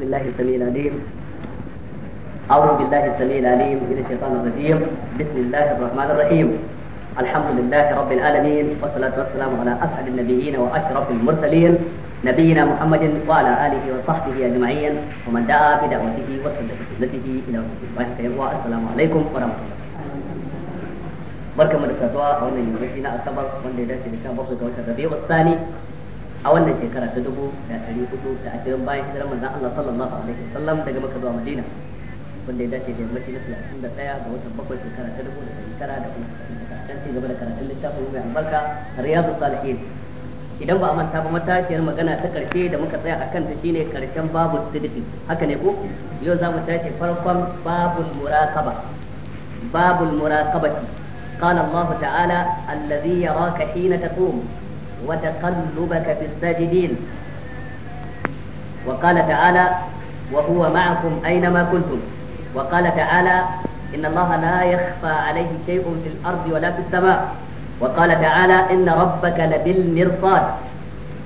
بالله السميع العليم أعوذ بالله السميع العليم من الشيطان الرجيم بسم الله الرحمن الرحيم الحمد لله رب العالمين والصلاة والسلام على أسعد النبيين وأشرف المرسلين نبينا محمد وعلى آله وصحبه أجمعين ومن دعا بدعوته وسلم بسنته إلى يوم الدين السلام عليكم ورحمة الله barkamu da kasuwa a wannan yammaci na asabar wanda ya dace da kan bakwai ga watan rabi'u tsani a wannan shekara ta dubu da ɗari hudu da ashirin bayan hijirar manzon Allah sallallahu alaihi wasallam daga Makka zuwa Madina wanda ya dace da yammaci na talatin da ɗaya ga watan bakwai shekara ta dubu da ɗari tara da kuma dan ci gaba da karatun littafin mai albarka Riyadu Salihin idan ba a manta ba matashiyar magana ta ƙarshe da muka tsaya akan ta shine karshen babu sidiki haka ne ko yau za mu tashi farkon babul muraqaba babul muraqabati قال "Allah تعالى الذي يراك حين تقوم وتقلبك في الساجدين وقال تعالى وهو معكم أينما كنتم وقال تعالى إن الله لا يخفى عليه شيء في الأرض ولا في السماء وقال تعالى إن ربك لبالمرصاد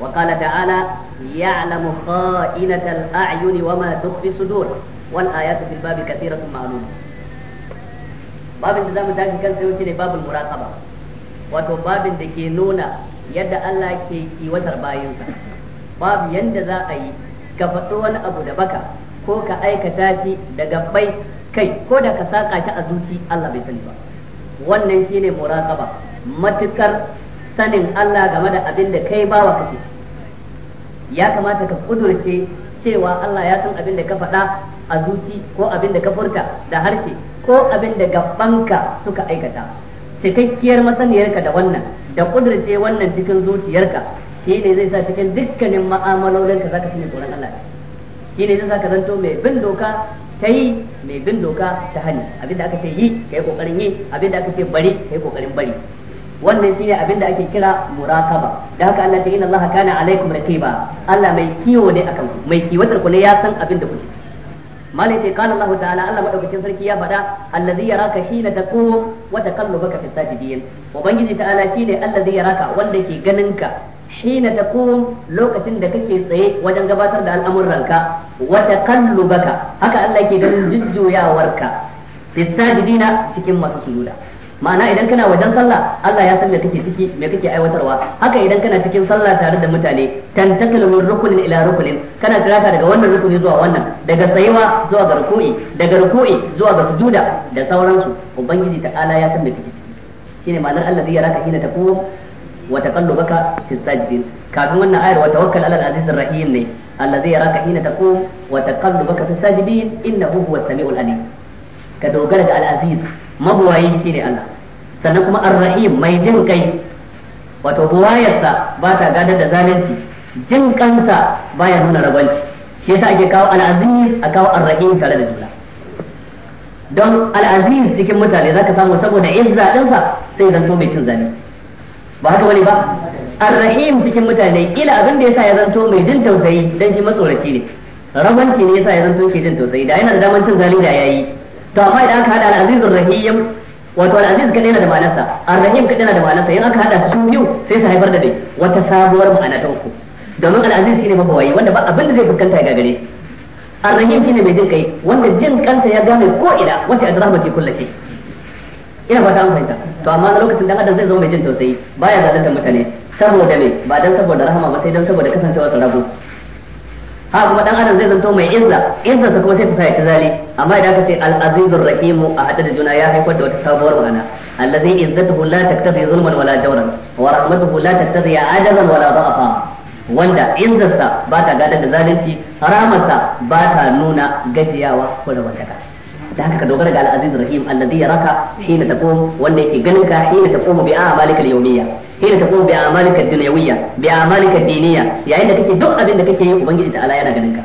وقال تعالى يعلم خائنة الأعين وما تخفي الصدور والآيات في الباب كثيرة معلومة باب انتظام zamu كان سيوتي لباب المراقبة ne babul yadda Allah ke kiwatar bayansa babu yadda za a yi ka faɗo wani abu da baka ko ka aikata shi daga bai kai ko da ka saka shi a zuci Allah bai sani ba wannan shine muraqaba matukar sanin Allah game da abin da kai bawa kake ya kamata ka kudurce cewa Allah ya san abin da ka faɗa a zuci ko abin da ka furta da harshe ko abin da gabbanka suka aikata cikakkiyar masaniyarka da wannan da kudurce wannan cikin zuciyarka shi ne zai sa cikin dukkanin ma'amalolinka zaka shine tsoron Allah shi ne zai sa ka zanto mai bin doka ta yi mai bin doka ta hani abin da aka ce yi ka yi kokarin yi abin da aka ce bari ka yi kokarin bari wannan shine abin da ake kira murakaba da haka Allah ta inna Allah kana alaikum raqiba Allah mai kiwo ne akan ku mai kiwatar ku ne ya san abin da kuke malai ce kana Allah ta'ala Allah madaukakin sarki ya faɗa allazi yaraka hina taqum wa taqallubaka fi sajidin ubangiji ta'ala shine allazi yaraka wanda ke ganin ka hina taqum lokacin da kake tsaye wajen gabatar da al'amurar ka, wata wa baka haka Allah ke ka, jujjuyawarka fi sajidina cikin masu sujuda ma'ana idan kana wajen sallah Allah ya san me kake ciki me kake aiwatarwa haka idan kana cikin sallah tare da mutane tantakil min rukunin ila rukunin kana tirata daga wannan rukuni zuwa wannan daga tsayewa zuwa ga ruku'i daga ruku'i zuwa ga sujuda da sauransu ubangiji ta'ala ya san me kake ciki shine ma'anar Allah zai yaraka hina taqum wa taqallubaka fi sajidin kafin wannan ayar wa tawakkal ala al-aziz ar-rahim ne allazi yaraka hina taqum wa taqallubaka fi sajidin innahu huwa as-sami'ul alim ka dogara ga al-aziz mabuwayi shine Allah sannan kuma ar-rahim mai jin kai wato buwayarsa ba ta gadar da zalunci jin kansa baya nuna rabanci shi yasa ake kawo al-aziz a kawo ar-rahim tare da juna don al-aziz cikin mutane zaka samu saboda izza dinsa sai zanto mai cin zane ba haka wani ba ar-rahim cikin mutane ila abin da yasa ya zanto mai jin tausayi dan shi matsoraci ne rabanci ne yasa ya zanto ke jin tausayi da yana da daman cin zali da yayi to amma idan aka hada al-azizur rahim wato al-aziz kadai yana da ma'anarsa ar-rahim kadai yana da ma'anarsa in aka hada su biyu sai su haifar da dai wata sabuwar ma'ana ta uku domin al-aziz shine mabawayi wanda ba abin da zai fuskanta ya gagare shi ar-rahim shine mai jin kai wanda jin kansa ya gane ko ina wata adrahmati kullace. ina fata an fahimta to amma na lokacin dan adam zai zama mai jin tausayi baya zalunta mutane saboda me ba dan saboda rahama ba sai dan saboda kasancewa sa rabu ha kuma dan adam zai zanto mai izza izza ta kuma sai ta sai ta zali amma idan aka ce al azizur rahimu a hada da juna ya haifar da wata sabuwar magana allazi izzatuhu la taktafi zulman wala jawran wa rahmatuhu la taktafi ajazan wala da'afa wanda izzarsa ba ta gadar da zalunci rahamarsa ba ta nuna gajiyawa ko da wadaka da haka ka dogara ga al azizur rahim allazi yaraka hina taqum wanda yake ganin ka hina taqum bi a'malikal yawmiyya hina ta kuma bi amalika dunyawiyya bi amalika diniya yayin da kake duk abin da kake yi ubangiji ta ala yana ganin ka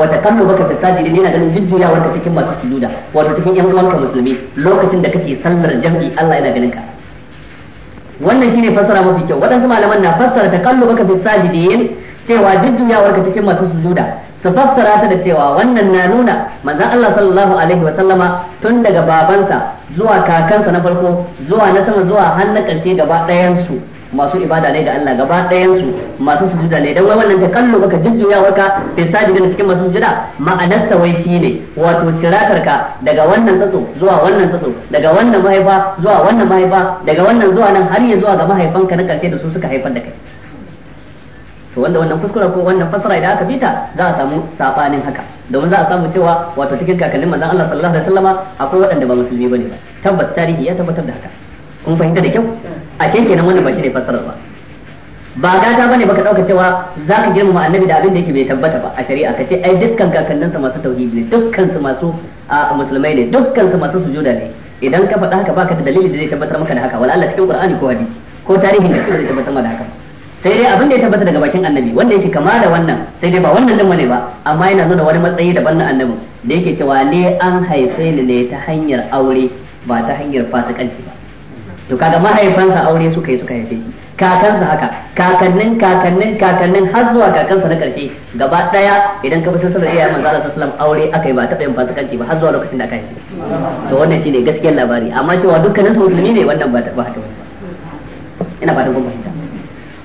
wa baka fi sajidin yana ganin jujjuyawar ka cikin masu sujuda wato cikin yan uwanka musulmi lokacin da kake sallar jami'i Allah yana ganin ka wannan shine fassara mafi kyau wadansu malaman na fassara baka fi sajidin cewa jujjuyawar ka cikin masu sujuda su fassara ta da cewa wannan na nuna manzon Allah sallallahu alaihi wa sallama tun daga babansa zuwa kakansa na farko zuwa na sama zuwa har na karshe gaba ɗayan su masu ibada ne da Allah gaba ɗayan su masu sujuda ne dan wai wannan kallo baka jujjuyawar ka fi sajidin cikin masu sujuda ma'anar sa wai shine wato ciratar ka daga wannan tsatso zuwa wannan tsatso daga wannan mahaifa zuwa wannan mahaifa daga wannan zuwa nan har ya zuwa ga mahaifanka na karshe da su suka haifar da kai to wanda wannan fuskura ko wannan fasara idan aka fita za a samu sabanin haka domin za a samu cewa wato cikin kakannin manzon Allah sallallahu alaihi wasallama akwai waɗanda ba musulmi bane ba tabbas tarihi ya tabbatar da haka kun fahimta da kyau a ke kenan wannan ba shi ne fassarar ba ba gata bane baka dauka cewa zaka girmama annabi da abin da yake bai tabbata ba a shari'a kace ai dukkan kakanninsa masu tauhidi ne dukkan su masu musulmai ne dukkan su masu sujuda ne idan ka faɗa haka baka da dalili da zai tabbatar maka da haka wala Allah cikin Qur'ani ko hadisi ko tarihin da zai tabbatar maka da haka sai dai abin da ya tabbata daga bakin annabi wanda yake kama da wannan sai dai ba wannan din bane ba amma yana nuna wani matsayi daban na annabi da yake cewa ne an haife ni ne ta hanyar aure ba ta hanyar fasikanci ba to kaga mahaifansa aure suka yi suka haife kakansa haka kakannin kakannin kakannin har zuwa kakansa na karshe gaba daya idan ka fito sanar iyayen manzo Allah sallallahu alaihi wasallam aure akai ba taɓa yin fasikanci ba har zuwa lokacin da aka haife to wannan shine gaskiyar labari amma cewa dukkanin su musulmi ne wannan ba ta ba ta ina fatan kun fahimta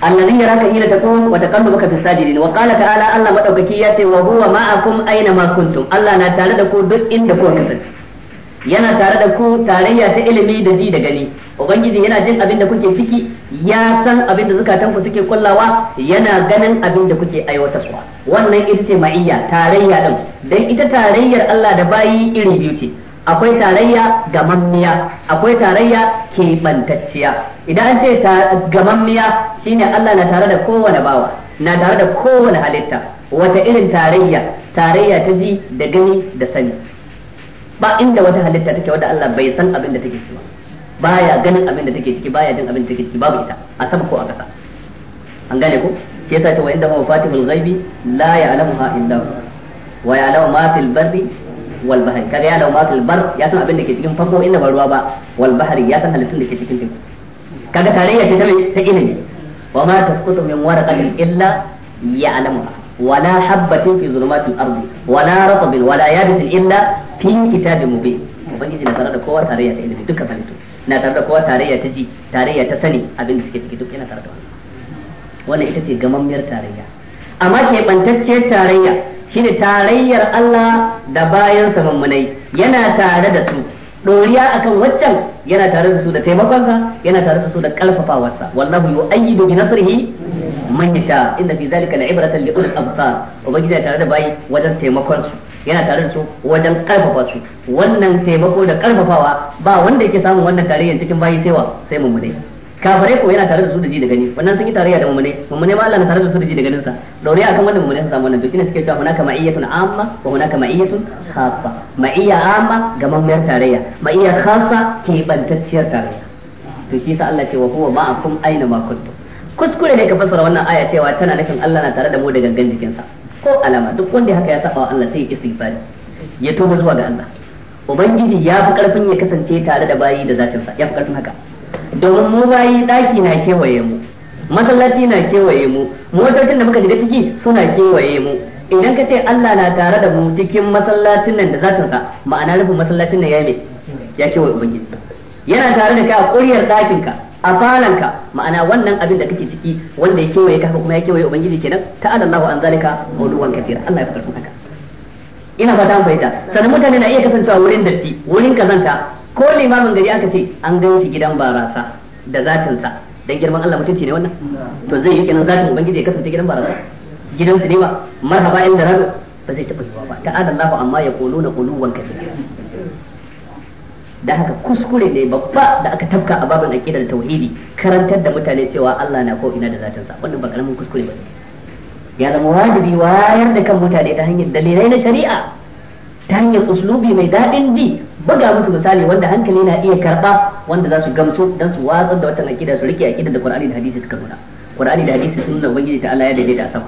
الذي يراك حين تقوم وتقلبك في الساجدين وقال تعالى الله مدوكي ياتي وهو معكم ma كنتم الله na tare da ku duk inda kuka kasance yana tare da ku tarayya ta ilimi da ji da gani ubangiji yana jin abin da kuke ciki ya san abin da zukatan ku suke kullawa yana ganin abin da kuke aiwatarwa wannan ita tarayya din dan ita tarayyar Allah da bayi iri biyu ce akwai tarayya gamammiya akwai tarayya keɓantacciya idan an ce gamammiya shine Allah na tare da kowane bawa na tare da kowane halitta wata irin tarayya tarayya ta ji da gani da sani ba inda wata halitta take wanda Allah bai san abin da take ciki ba baya ganin abin da take ciki baya jin abin da take ciki babu ita a sama ko a ƙasa an gane ko ke yasa ta wa inda mafatihul ghaibi la ya'lamuha illa hu wa ya'lamu ma fil barri wal bahri kaga ya ma fil bar ya san abin da ke cikin fako inda ba ruwa ba wal bahri ya san halittun da ke cikin teku kaga tarayya ce ta mai ta ilimi wa ma tasqutu min waraqatin illa ya'lamuha wala habatin fi zulumatil ardi wala ratbin wala yabisin illa fi kitabin mubin ubangiji na tare da kowa tarayya ta ilimi dukkan halittu na tare da kowa tarayya ta ji tarayya ta sani abin da suke ciki duk yana tare da wannan wannan ita ce gamammiyar tarayya amma ke bantacciyar tarayya shine tarayyar Allah da bayan sa mummunai yana tare da su doriya akan waccan yana tare da su da taimakonsa yana tare da su da karfafawarsa wallahu yu'ayyidu bi nasrihi man yasha inna fi zalika la'ibratan li ulil absar ubangiji tare da bayi wajen taimakon su yana tare da su wajen karfafa su wannan taimako da karfafawa ba wanda yake samun wannan tarayyar cikin bayi saiwa sai mummune kafirai ko yana tare da su da ji da gani wannan sun yi tarayya da mummune mummune ma Allah na tare da su da ji da ganin sa daure akan wannan mummune sun samu wannan to shine suke cewa hunaka ma'iyatun amma wa hunaka ma'iyatun khassa ma'iyya amma ga gamammiyar tarayya ma'iyya khassa ke bantacciyar tarayya to shi sa Allah ce wa huwa ma'akum aina ma kuntum kuskure ne ka fassara wannan aya cewa tana nufin Allah na tare da mu da gangan jikinsa ko alama duk wanda haka ya saba wa Allah sai ya istighfari ya tuba zuwa ga Allah ubangiji ya fi karfin ya kasance tare da bayi da zatinsa ya fi karfin haka domin mu bayi daki na kewaye mu masallaci na kewaye mu motocin da muka shiga ciki suna kewaye mu idan ka ce Allah na tare da mu cikin masallacin nan da zatinsa ma'ana nufin masallacin nan ya yi ya kewaye ubangiji yana tare da kai a ƙuryar ɗakinka a falanka ma'ana wannan abin da kake ciki wanda ya kewaye ka kuma ya kewaye ubangiji kenan ta Allahu an zalika mawduwan kafira Allah ya faɗa haka ina fata an fahimta sannan mutane na iya kasancewa wurin datti wurin kazanta ko limamin gari aka ce an gan shi gidan barasa da zatin sa dan girman Allah mutunci ne wannan to zai yi kenan zatin ubangiji ya kasance gidan barasa gidan sinima marhaba inda rabu ba zai taɓa yiwa ba ta Allahu amma na quluwan kafira da haka kuskure ne babba da aka tabka a babin aqidar tauhidi karantar da mutane cewa Allah na ko ina da zatin sa wannan ba karamin kuskure bane ya zama wajibi wayar da kan mutane ta hanyar dalilai na shari'a ta hanyar uslubi mai daɗin ji buga musu misali wanda hankali na iya karɓa wanda za su gamsu dan su watsar da watan aqida su rike aqidar da Qur'ani da hadisi suka nuna Qur'ani da hadisi sun nuna ubangiji ta Allah ya daidaita sama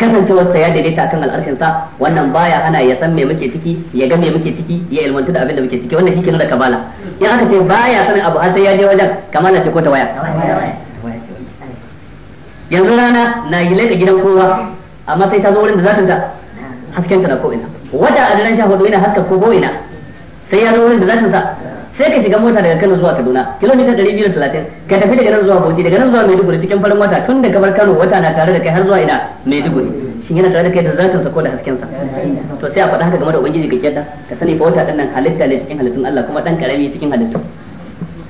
kasancewar sa ya daidaita akan al'arshin sa wannan baya hana ya san me muke ciki ya ga me muke ciki ya ilmantu da abin da muke ciki wannan shi ke nuna kamala in aka ce baya sanin abu har sai ya je wajen kamala ce ko ta waya yanzu rana na yi da gidan kowa amma sai ta zo wurin da za ta ga hasken ta na ko ina wata a daren sha hudu yana haska ko ina sai ya zo wurin da za ta sa sai ka shiga mota daga Kano zuwa Kaduna kilomita 230 ka tafi daga nan zuwa Bauchi daga nan zuwa Maiduguri cikin farin wata tun daga bar Kano wata na tare da kai har zuwa ina Maiduguri shin yana tare da kai da zatin sa ko da hasken sa to sai a faɗa haka game da ubangiji ga kiyada ka sani fa wata dinnan halitta ne cikin halittun Allah kuma dan karami cikin halittu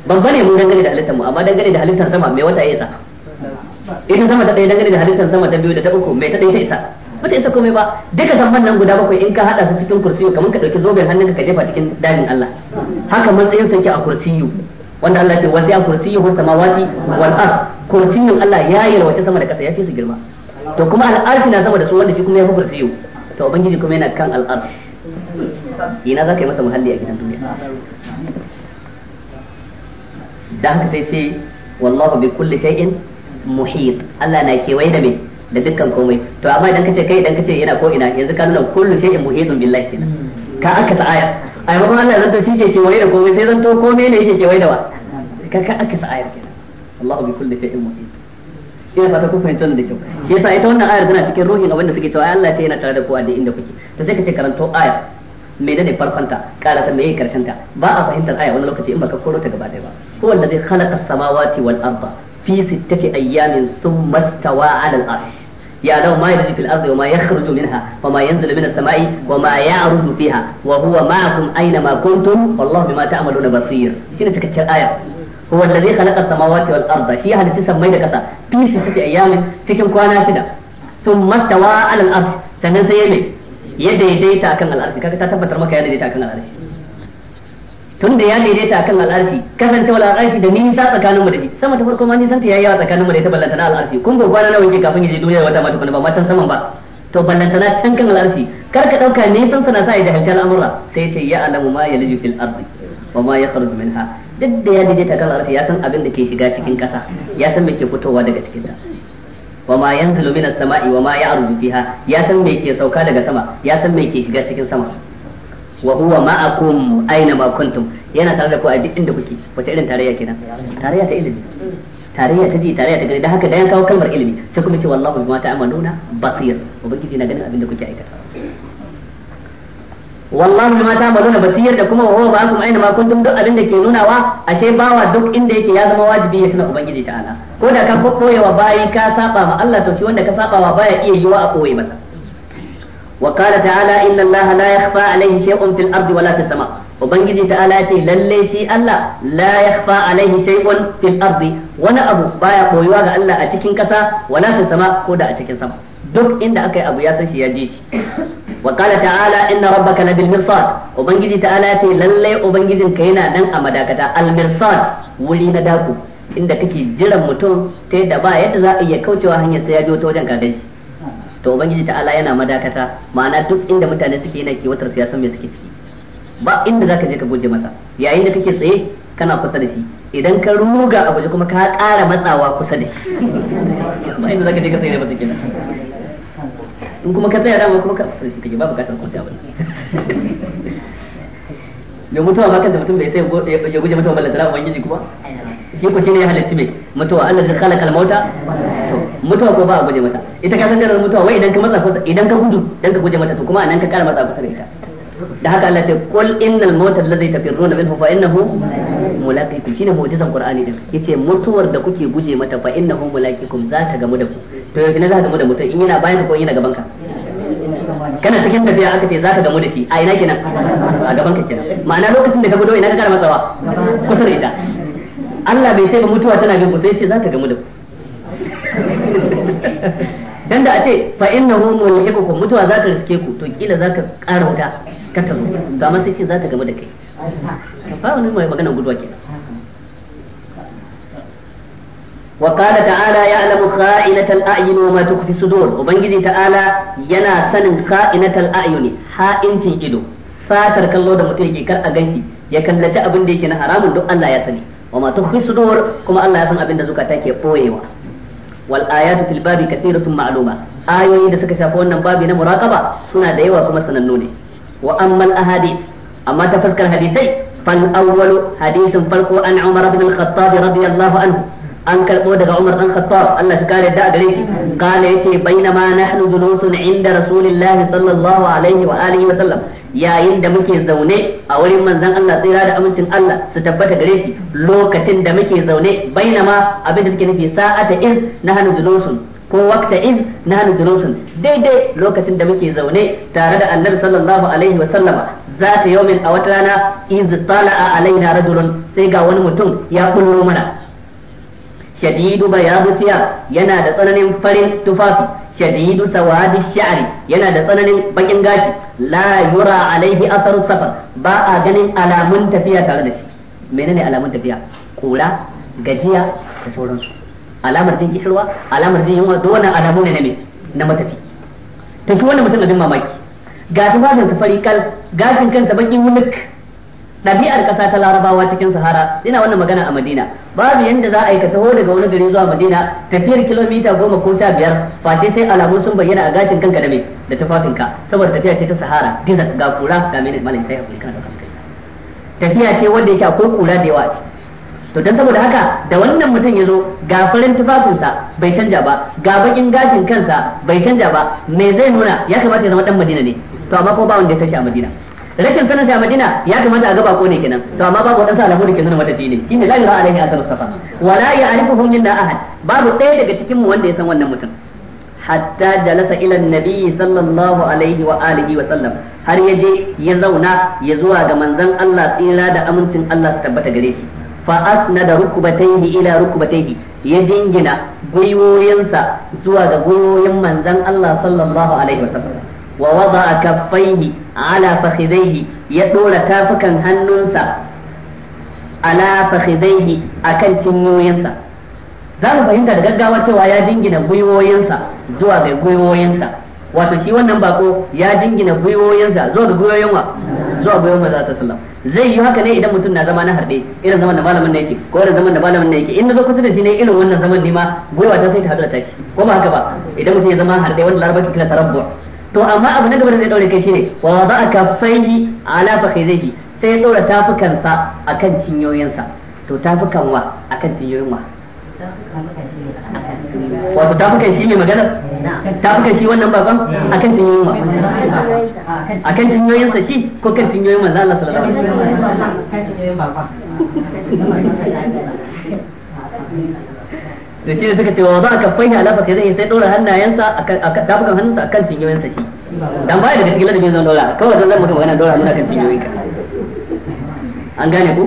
babba ne mun dangane da halittar mu amma dangane da halittar sama mai wata ya sa idan sama ta ɗaya dangane da halittar sama ta biyu da ta uku mai ta ɗaya ta isa ta isa komai ba duka zamban nan guda bakwai in ka hada su cikin kursiyu kamar ka dauki zoben hannun ka jefa cikin dalin Allah haka matsayin sun ke a kursiyu wanda Allah ce wasi a kursiyu hun samawati wal ard kursiyun Allah ya rawace sama da kasa ya fi su girma to kuma al'arshi na sama da su wanda shi kuma ya fi kursiyu to ubangiji kuma yana kan al'arshi ina za yi masa muhalli a gidan duniya da haka sai ce wallahu bi kulli shay'in muhit Allah na kewaye da me da dukkan komai to amma idan kace kai idan kace ko ina yanzu ka nuna kullu shay'in muhitun billahi kenan hmm. ka aka aya ai ba Allah shi ke kewaye da komai sai komai ne yake kewaye da wa ka ka aka aya kenan Allahu bi kulli shay'in muhit ina fata ku da kyau shi yasa ita wannan ayar tana cikin ruhin abin suke cewa Allah ta yana tare da ku a inda kuke to sai kace karanto aya farkonta kara ta meye karshen ta ba a fahimtar aya wani lokaci in baka koro ta gaba ɗaya ba ko wallazi khalaqa samawati wal arda fi sittati ayyamin thumma 'ala al-'arsh يعلم ما يجري في الأرض وما يخرج منها وما ينزل من السماء وما يعرج فيها وهو معكم أينما كنتم والله بما تعملون بصير شنو تكتر آية هو الذي خلق السماوات والأرض شيء هذا تسمى ميدا كسا في ستة أيام تكم كوانا سدا ثم استوى على الأرض سنزيمي يدي ديتا كان الأرض كاكتا تبتر مكا يدي ديتا كان الأرض tun da ya daidaita kan al'arfi kasance wala al'arfi da nisa tsakanin mu da shi sama ta farko ma nisan ta yayi yawa tsakanin mu da ita ballantana al'arfi kun ga kwana nawa yake kafin ya je duniya wata mata kuma ba matan saman ba to ballantana can kan al'arfi kar ka dauka nisan sana sa da jahilta al'amura sai ce ya alamu ma yaliju fil ardi wa ma yakhruju minha duk da ya daidaita kan al'arfi ya san abin da ke shiga cikin kasa ya san me ke fitowa daga cikin ta wa ma yanzilu minas sama'i wa ma ya'rudu biha ya san me ke sauka daga sama ya san me ke shiga cikin sama wa huwa ma'akum aina ma kuntum yana tare da ku a duk inda kuke wata irin tarayya kenan tarayya ta ilimi tarayya ta ji tarayya ta gani da haka da kawo kalmar ilimi sai kuma ce wallahu bima ta'maluna basir ubangiji na ganin abin da kuke aikata wallahu bima ta'maluna basir da kuma huwa ba'akum aina ma kuntum duk abin da ke nunawa ashe bawa duk inda yake ya zama wajibi ya tuna ubangiji ta'ala ko da ka koyewa bayi ka saba ma Allah to shi wanda ka saba wa baya iya yiwa a koyi masa وقال تعالى إن الله لا يخفى عليه شيء في الأرض ولا في السماء وبنجي تعالى للي شيء الله لا يخفى عليه شيء في الأرض ولا أبو بايا قويوا الله أتكين كسا ولا في السماء كودا أتكين سما duk inda aka yi abu ya san shi ya ji shi wa qala ta'ala inna rabbaka labil mirsad ubangiji ta'ala ce lalle ubangijin ka yana nan a madakata al mirsad wuri na daku inda kake jiran mutum ta yadda ba yadda za a iya kaucewa hanyar sai ya biyo ta wajen kagai to ubangiji ta'ala yana madakata ma'ana duk inda mutane suke yana ke watar ya san me suke ciki ba inda zaka je ka guje masa yayin da kake tsaye kana kusa da shi idan ka ruga a waje kuma ka ƙara matsawa kusa da shi ba inda zaka je ka tsaye masa kenan in kuma ka tsaya dama kuma ka tsaye da shi kake ba bukatar kusa abin da mutuwa ma kanta mutum bai sai ya guje mata wa ballantana ubangiji kuma shi ko shi ne ya halarci mai mutuwa Allah zai khalaqa al to mutuwa ko ba a guje mata ita ka san da mutuwa wai idan ka matsa idan ka gudu dan ka guje mata to kuma anan ka kara matsa kusa da ita da haka Allah ta qul innal mauta alladhi tafirruna minhu fa innahu mulaqikum shine mu'jizan qur'ani din yace mutuwar da kuke guje mata fa innahu mulaqikum za ta gamu da ku to yau ne za ta gamu da mutum in yana bayan ka ko yana gaban ka kana cikin tafiya aka ce za ka gamu da shi a ina kenan a gaban ka kenan ma'ana lokacin da ka gudo ina ka kara matsawa kusa da ita Allah bai sai ba mutuwa tana gabu sai ce za ta gamu da ku dan da ace fa innahu muhibbukum mutuwa za ta riske ku to kila za ka ƙara wuta ka tazo to amma sai ce za ta gamu da kai ka fara nuna magana guduwa kenan wa qala ta'ala ya'lamu kha'inatal a'yun wa ma tukfi sudur ubangiji ta'ala yana sanin kha'inatal a'yun ha'incin ido fatar kallo da mutum yake kar a ganki ya kallaci abin da yake na haramun duk Allah ya sani wa ma tukhfi sudur kuma Allah ya san abin da zukata ke boyewa wal ayatu fil babi kathiratun ma'luma ayoyi da suka shafi wannan babi na muraqaba suna da yawa kuma sanannu ne wa amma al ahadith amma ta fuskar hadisai fal awwalu hadithun farko an Umar ibn al-Khattab radiyallahu anhu an karbo daga Umar dan Khattab Allah shi kare da gare shi kale yake bainama nahnu julusun inda Rasulillah sallallahu alaihi wa alihi wa sallam yayin da muke zaune a wurin manzon Allah tsira da amincin Allah su tabbata gare shi lokacin da muke zaune bainama abin da suke nufi sa'ata in nahnu julusun ko wakta in nahnu julusun daidai lokacin da muke zaune tare da Annabi sallallahu alaihi wa sallama zata yawmin a wata rana iz tala'a alaina rajulun sai ga wani mutum ya kullo mana shadidu bayadu siya yana da tsananin farin tufafi shadidu sawadi sha'ri yana da tsananin bakin gashi la yura alaihi atharu safar ba a ganin alamun tafiya tare da shi menene alamun tafiya kura gajiya da sauransu alamar jin kishirwa alamar jin yunwa duk wannan alamu ne na me na matafi to shi wannan mutum abin mamaki ga tufafin sa fari kal gashin kansa bakin mulk ɗabi'ar ƙasa ta larabawa cikin sahara ina wannan magana a madina babu yanda za a yi ka taho daga wani gari zuwa madina tafiyar kilomita goma ko sha biyar face sai alamu sun bayyana a gashin kanka da me da tufafinka saboda tafiya ce ta sahara desert ga kura ga mini malam sai hakuri kana da kanka tafiya ce wanda yake akwai kura da yawa to dan saboda haka da wannan mutum ya zo ga farin tufafinsa bai canja ba ga bakin gashin kansa bai canja ba me zai nuna ya kamata ya zama dan madina ne to amma ko ba wanda ya tashi a madina rashin sanin sa Madina ya kamata a gaba ko ne kenan to amma babu wadansu alamu da ke nuna mata dini shine la ilaha illallah asal safa wala ya'rifuhu minna ahad babu ɗaya daga cikin mu wanda ya san wannan mutum hatta jalasa ila nabi sallallahu alaihi wa alihi wa sallam har yaje ya zauna ya zuwa ga manzon Allah tsira da amincin Allah su tabbata gare shi fa asnada rukbatayhi ila rukbatayhi ya dingina gwiwoyinsa zuwa ga gwiwoyin manzon Allah sallallahu alaihi wa sallam wa wada'a kaffaihi ala fakhidaihi ya dora tafukan hannunsa ala fakhidaihi akan cinyoyinsa za mu fahimta da gaggawa cewa ya jingina gwiwoyinsa zuwa ga gwiwoyinsa wato shi wannan bako ya jingina gwiwoyinsa zuwa ga gwiwoyin wa zuwa gwiwoyin manzo sallallahu alaihi zai yi haka ne idan mutum na zama na harde irin zaman da malamin yake ko irin zaman da malamin yake in zo kusa da shi ne irin wannan zaman ne ma gwiwa ta sai ta hadu da tashi ko ba haka ba idan mutum ya zama harde wanda larabar kira tarabbu to amma abu na gaba da zai daure kai shine wa wada'a kaffaihi ala zai sai ya daura tafukansa akan cinyoyinsa to tafukan wa akan cinyoyin wa wato tafukan shi ne magana tafukan shi wannan bakon akan cinyoyin wa akan cinyoyinsa shi ko kan cinyoyin manzo Allah sallallahu alaihi wasallam kan cinyoyin bakon da shi ne suka ce wa za ka fanya alafa sai zai sai dora hannayensa akan tafukan hannunsa akan cinyoyinsa shi dan baya daga cikin ladabin zan dora kawai zan zama maka magana dora hannun akan cinyoyinka an gane ku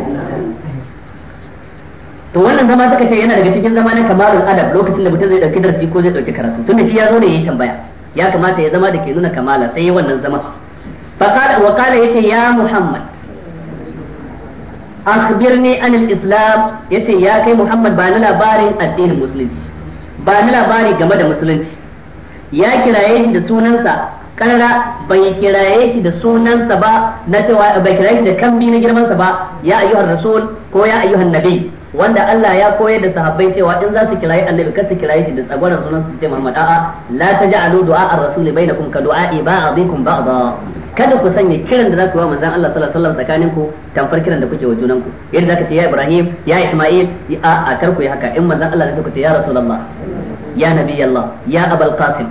to wannan zama suka ce yana daga cikin zama na kamalul adab lokacin da mutum zai dauki darasi ko zai dauki karatu da shi ya zo ne yi tambaya ya kamata ya zama da ke nuna kamala sai wannan zama fa qala wa qala yace ya muhammad akhbirni anil islam ya ce ya kai muhammad ba ni labarin addinin musulunci ba ni labari game da musulunci ya kiraye shi da sunansa karara bai kiraye shi da sunansa ba na cewa bai kiraye shi da kambi na girmansa ba ya ayyuhan rasul ko ya ayyuhan nabi wanda Allah ya koyar da sahabbai cewa in zasu su kirayi annabi kar su kirayi shi da tsagwaran sunan su ce Muhammad a'a la taj'alu du'a ar-rasul bainakum ka du'a ba'dikum ba'da kada ku sanya kiran da za ku yi wa manzon Allah sallallahu alaihi wasallam tsakanin tamfar kiran da kuke wa junanku ku yadda zaka ce ya Ibrahim ya Isma'il a a kar ku yi haka in manzon Allah ne ku ce ya Rasulullah ya Nabi Allah ya Abul Qasim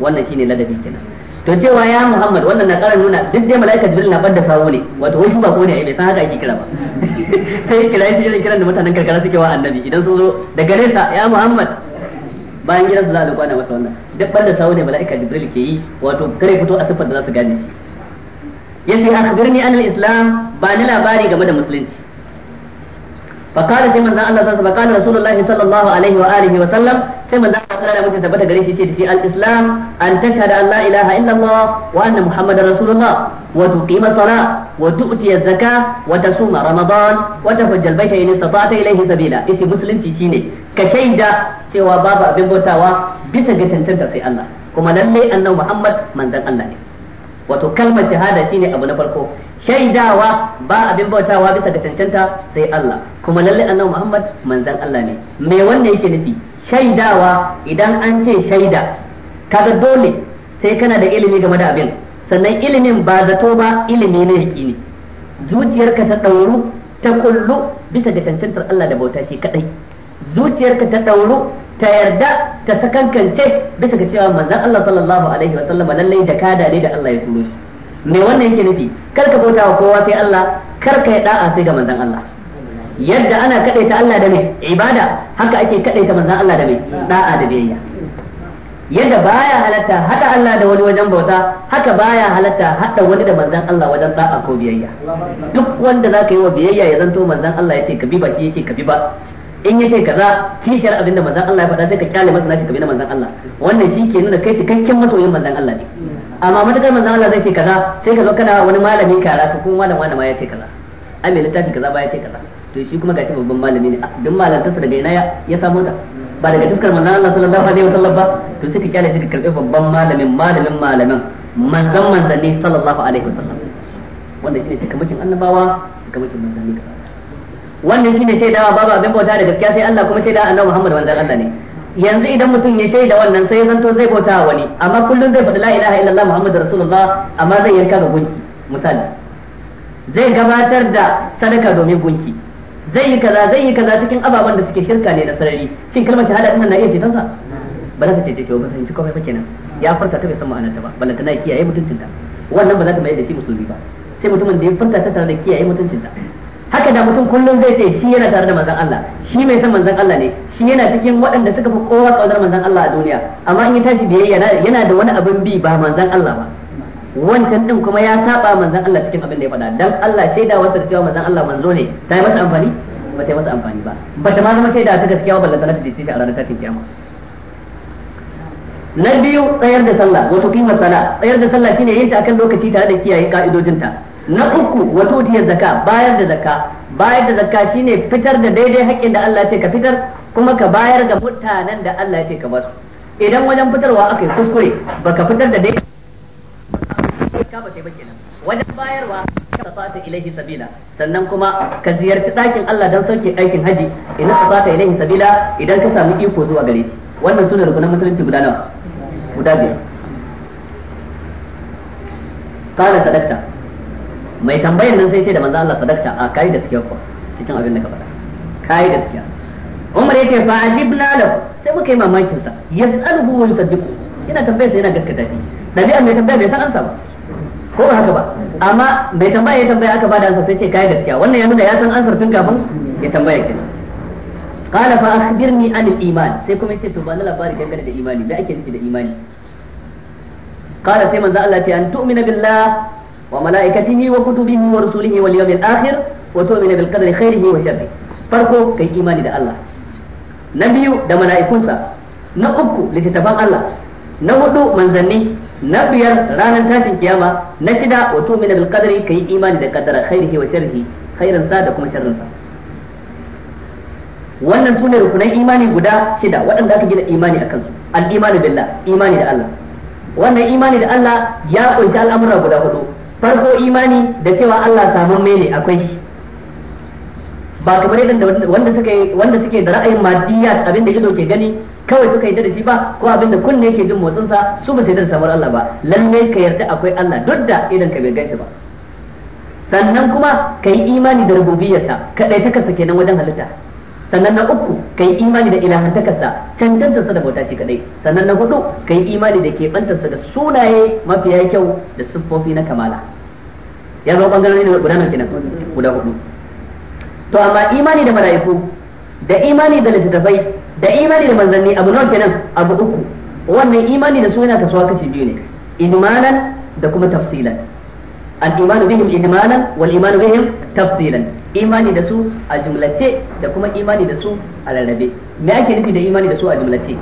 wannan shine ladabi kenan to cewa ya Muhammad wannan na ƙara nuna duk dai mala'ika Jibril na banda sawo ne wato wai ba ko ne ai bai san haka ake kira ba sai kira shi irin kiran da mutanen karkara suke wa annabi idan sun zo daga nesa ya Muhammad bayan gidan su za a kwana masa wannan duk banda sawo ne mala'ika jibril ke yi wato kare fito a siffar da za su gane yace akhbirni an islam Bani labari game da musulunci fakala sai manzon Allah sallallahu alaihi wa sallallahu alaihi wa alihi wa sallam sai manzon Allah sallallahu alaihi wa sallam tabbata gare shi ce fi islam an tashhadu an la ilaha illallah wa anna muhammadar rasulullah wa tuqima sala wa tu'ti az-zaka Wata suma ramadan wa tahajja al-bayta in istata'ta ilayhi sabila ita musulunci shine ka kaida cewa babu abin bautawa bisa ga da sai Allah kuma lalle annabi Muhammad manzon Allah ne wato kalmar shahada shine abu na farko shaidawa ba abin bautawa bisa ga tantanta sai Allah kuma lalle annabi Muhammad manzon Allah ne me wannan yake nufi shaidawa idan an ce shaida kaga dole sai kana da ilimi game da abin sannan ilimin ba zato ba ilimi ne yaqini zuciyarka ta dauru ta kullu bisa ga tantantar Allah da bauta shi kadai zuciyarka ta dauro ta yarda ta sakankance bisa ga cewa manzon Allah sallallahu alaihi wa sallam lallai da kada ne da Allah ya turo shi me wannan yake nufi kar ka bauta wa kowa sai Allah kar ka yi da'a sai ga manzon Allah yadda ana kadaita Allah da mai ibada haka ake kadaita manzon Allah da mai da'a da biyayya yadda baya halatta haka Allah da wani wajen bauta haka baya halatta haɗa wani da manzon Allah wajen da'a ko biyayya duk wanda zaka yi wa biyayya ya zanto manzon Allah yace ka bi ba yake ka bi ba in yace kaza shar abin da manzon Allah ya faɗa sai ka kyale masa naka kabi na manzon Allah wannan shi ke nuna kai cikakken masoyin manzon Allah ne amma matakar manzon Allah zai ce kaza sai ka zo kana wani malami kara ka kuma malam wani ma ya ce kaza ai mai littafi kaza ba ya ce kaza to shi kuma gashi babban malami ne duk malantarsa daga ina ya samu ta ba daga fuskar manzon Allah sallallahu alaihi wasallam ba to sai ka kyale shi ka karbi babban malamin malamin malamin manzon manzanni sallallahu alaihi wasallam wanda ne cikakken annabawa cikakken manzanni kaza wannan shine shaidawa babu abin bauta da gaskiya sai Allah kuma sai da annabi Muhammad wanda Allah ne yanzu idan mutum ya shaida wannan sai zanto zai bauta wani amma kullum zai faɗi la ilaha illallah muhammadu rasulullah amma zai yanka ga gunki misali zai gabatar da sadaka domin gunki zai yi kaza zai yi kaza cikin ababen da suke shirka ne da sarari shin kalmar shahada din na iya ce sa ba za ta ce ce ba san ci komai ba kenan ya farka ta bai san ma'anarta ba balanta na kiyaye mutuncinta wannan ba za ta mai da shi musulmi ba sai mutumin da ya farka ta tare da kiyaye mutuncinta haka da mutum kullum zai ce shi yana tare da manzon Allah shi mai san manzon Allah ne shi yana cikin waɗanda suka fi kowa kaunar manzon Allah a duniya amma in ya tashi biyayya yana da wani abin bi ba manzon Allah ba wancan din kuma ya saba manzon Allah cikin abin da ya faɗa dan Allah shaida wasu cewa manzon Allah manzo ne ta yi masa amfani ba ta yi masa amfani ba ba ta ma zama shaida ta gaskiya ba lantana ta dace a ranar tashin kiyama na biyu tsayar da sallah wato kimar sallah tsayar da sallah shine yin ta akan lokaci tare da kiyaye ka'idojinta na uku ta tu'tiya zaka bayar da zaka bayar da zaka shine fitar da daidai haƙƙin da Allah ya ce ka fitar kuma ka bayar ga mutanen da Allah ya ce ka basu idan wajen fitarwa aka yi kuskure baka fitar da daidai ba wajen bayarwa ka fata ilahi sabila sannan kuma ka ziyarci ɗakin Allah don sauke aikin haji idan ka fata ilahi sabila idan ka samu iko zuwa gare shi wannan sunan rukunan musulunci guda nawa guda biyar mai tambayan nan sai sai da manzo Allah sadakta a kai da gaskiya ko cikin abin da ka faɗa kai da gaskiya Umar yake fa ajibna la sai muka yi mamakin sa yas'aluhu wa yusaddiqu ina tambayar sa yana gaskata shi dabi'a mai tambaya bai san ansa ba ko ba haka ba amma mai tambaya ya tambaya aka bada ansa sai ce kai gaskiya wannan ya nuna ya san ansar tun kafin ya tambaya ki qala fa akhbirni an al-iman sai kuma yace to ba na labari dangane da imani da ake nufi da imani qala sai manzo Allah ya ce an tu'mina billah وملائكته وكتبه ورسله واليوم الآخر وتؤمن بالقدر خيره وشره فرقه كي إيمان دا الله نبي دا ملائكونسا نقبك لتتفاق الله نهدو منزني نبيار رانا تاتي كياما نشدا وتؤمن بالقدر كي إيمان دا قدر خيره وشره خيرا سادة كما شرا سادة wannan sune rukunan imani guda shida waɗanda aka gina imani a kansu al-imani billah imani da Allah wannan imani da Allah ya kunshi al'amura guda hudu farko imani da cewa Allah samun mene ne akwai ba kamar yadda wanda suke wanda da ra'ayin maddiyat abinda ido ke gani kawai suka yi da shi ba ko abinda kunne ke jin motsin sa su ba su yarda samuwar Allah ba lalle ka yarda akwai Allah duk da idan ka bai shi ba sannan kuma ka yi imani da rububiyarsa ka ɗaya takarsa kenan wajen halitta sannan na uku ka yi imani da ilahantakarsa cancantarsa da bauta ce kadai sannan na hudu ka yi imani da keɓantarsa da sunaye mafiya kyau da siffofi na kamala ya zo bangarori ne guda nan kenan guda hudu to amma imani da mala'iku da imani da littattafai da imani da manzanni abu nan kenan abu uku wannan imani da su yana kasuwa kashi biyu ne imanan da kuma tafsilan al-imanu bihim imanan wal imanu bihim tafsilan imani da su a jumlace da kuma imani da su a rarrabe me ake nufi da imani da su a jumlace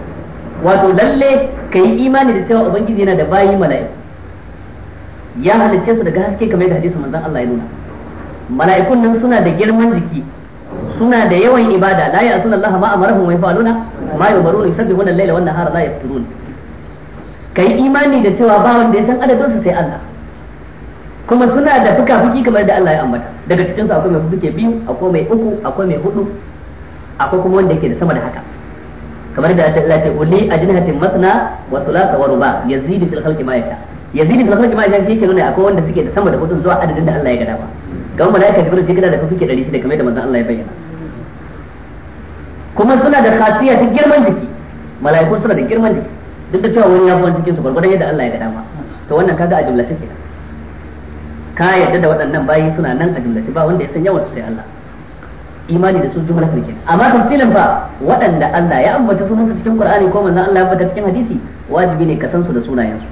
wato lalle kai imani da cewa ubangiji yana da bayi mala'iku ya halitta su daga haske kamar da hadisi manzon Allah ya nuna mala'ikun nan suna da girman jiki suna da yawan ibada la ya'tuna Allah ma amarahum wa yafaluna ma yubaruna yusabbihuna wannan laila wannan nahara la yafturun kai imani da cewa ba wanda ya san adadin su sai Allah kuma suna da fuka-fuki kamar da Allah ya ambata daga cikin su akwai mai fuke biyu akwai mai uku akwai mai hudu akwai kuma wanda yake da sama da haka kamar da Allah ya ce uli ajnahatin masna wa thulatha wa ruba yazidu fil khalqi ma yata yanzu ne Khalid ma yake yake nuna akwai wanda suke da sama da hutun zuwa adadin da Allah ya gada ba kamar malaika jibril shi gida da kuke da kamar da manzon Allah ya bayyana kuma suna da khasiyya ta girman jiki malaikun suna da girman jiki duk da cewa wani ya buwan cikin su gwargwadon yadda Allah ya gada ma to wannan kaga a jumlace kenan ka yadda da waɗannan bayi suna nan a jumlace ba wanda ya san yawan su sai Allah imani da su jumla kirkin amma tafsilin ba waɗanda Allah ya ambata sunan su cikin Qur'ani ko manzon Allah ya ambata cikin hadisi wajibi ne ka san su da sunayen su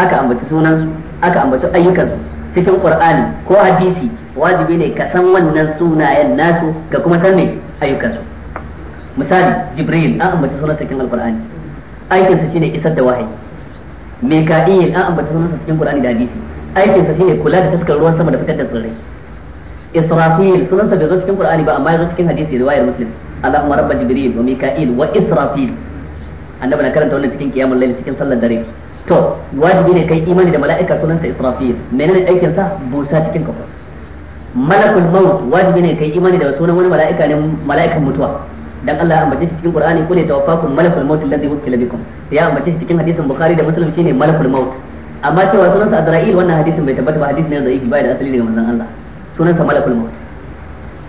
aka ambaci sunansu aka ambaci ayyukansu cikin qur'ani ko hadisi wajibi ne ka san wannan sunayen nasu ga kuma san ne ayyukansu misali jibril an ambaci sunansa cikin alqur'ani aikinsa shine isar da wahayi mika'il an ambaci sunansa cikin qur'ani da hadisi aikinsa shine kula da taskar ruwan sama da fitar da tsirrai israfil sunansa bai zo cikin qur'ani ba amma ya zo cikin hadisi riwayar muslim allahumma rabba jibril wa mika'il wa israfil annabi na karanta wannan cikin qiyamul layl cikin sallar dare to wajibi ne kai imani da mala'ika sunansa Israfil menene aikin sa busa cikin kafa malakul maut wajibi ne kai imani da sunan wani mala'ika ne mala'ikan mutuwa dan Allah ya ambace shi cikin Qur'ani kulli tawaffakum malakul maut alladhi wukila bikum ya ambace cikin hadisin Bukhari da Muslim shine malakul maut amma cewa sunansa Azra'il wannan hadisin bai tabbata ba hadisin ne da'ifi bai da asali daga manzon Allah sunansa malakul maut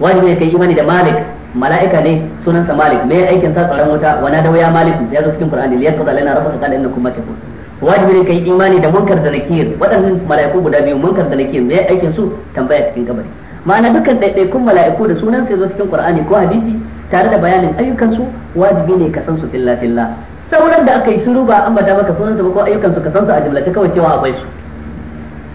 wajibi ne kai imani da Malik mala'ika ne sunansa Malik me aikin sa tsaron wuta wana da waya Malik ya zo cikin Qur'ani liyaqda lana rabbuka qala innakum makifun wajibi ne kai imani da munkar da nakir waɗannan mala'iku guda biyu munkar da nakir me aikin su tambaya cikin kabari ma'ana dukkan ɗaiɗaikun mala'iku da sunan sai zo cikin qur'ani ko hadisi tare da bayanin ayyukan su wajibi ne ka san su fillah fillah sauran da aka yi shiru ba an bata maka sunan su ba ko ayyukan su ka san su a jumlace kawai cewa akwai su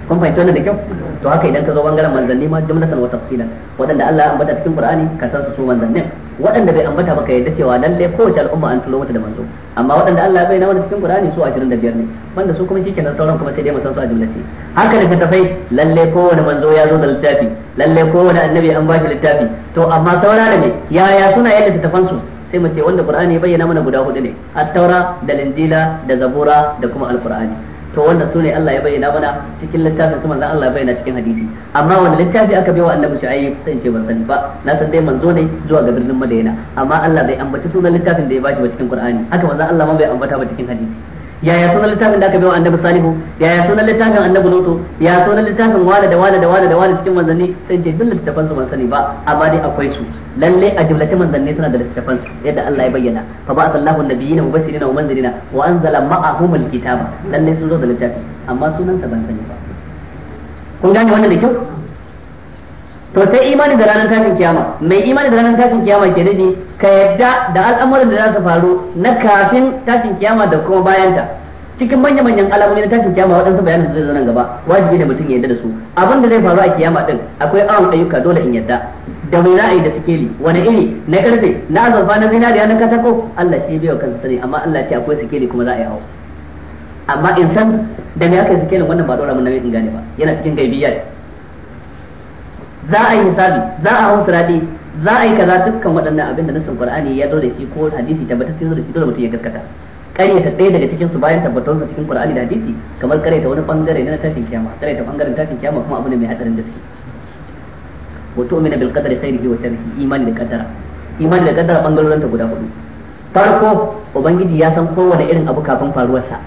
kun fahimci wannan da kyau to haka idan ka zo bangaren manzanni ma jumlatan wata tafsila waɗanda Allah ya ambata cikin Qur'ani ka san su su manzannin waɗanda bai ambata ba ka yadda cewa lalle kowace al'umma an tulo mata da manzo amma waɗanda Allah bai bayyana wani cikin Qur'ani su 25 ne banda su kuma shikenan sauran kuma sai dai mu san su a jumlace haka da tafai lalle kowane manzo ya zo da littafi lalle kowane annabi an bashi littafi to amma saura da me yaya suna yin littafan su sai mu ce wanda Qur'ani ya bayyana mana guda hudu ne at-taura da linjila da zabura da kuma al-Qur'ani to wannan sune Allah ya bayyana mana cikin littafin kuma zan Allah ya bayyana cikin hadisi amma wanda littafi aka bai wa annabi shu'aib sai in ce ban sani ba na san dai manzo ne zuwa ga birnin Madina amma Allah bai ambaci sunan littafin da ya bashi ba cikin Qur'ani haka manzo Allah ma bai ambata ba cikin hadisi yaya sunan littafin da aka bai wa annabi salihu yaya sunan littafin annabi lutu ya sunan littafin wala da wala da wala da wala cikin manzanni sai ce duk littafan su ban sani ba amma dai akwai su lalle a jumlatin manzanni suna da littafan su yadda Allah ya bayyana fa ba sallahu annabiyina mubashirin wa manzirina wa anzala ma'ahum alkitaba lalle sun zo da littafi amma sunan sa ban sani ba kun gane wannan da kyau to sai imani da ranar tashin kiyama mai imani da ranar tashin kiyama ke nufi ka yadda da al'amuran da za su faru na kafin tashin kiyama da kuma bayanta cikin manya manyan alamomi na tashin kiyama waɗansu bayanan zai gaba wajibi ne mutum ya yadda da su abin da zai faru a kiyama din akwai awon ayyuka dole in yadda da mai ra'ayi da sikeli wani iri na karfe na azurfa na zinariya na katako Allah shi bai kansa sani amma Allah ce akwai sikeli kuma za a yi hawa amma in san da me aka yi sikelin wannan ba dora mun nauyin in gane ba yana cikin gaibiyya za a yi hisabi za a hau turadi za a yi kaza dukkan waɗannan abin da nasin qur'ani ya zo da shi ko hadisi tabbatar sai zo da shi dole mutum ya gaskata karyata ɗaya daga cikin su bayan tabbatar da cikin qur'ani da hadisi kamar karyata wani bangare na tashin kiyama karyata bangaren tashin kiyama kuma abu ne mai hadarin gaske wa tu'minu bil qadari khairihi wa sharrihi imani da qadara imani da qadara bangarorin ta guda hudu farko ubangiji ya san kowane irin abu kafin faruwarsa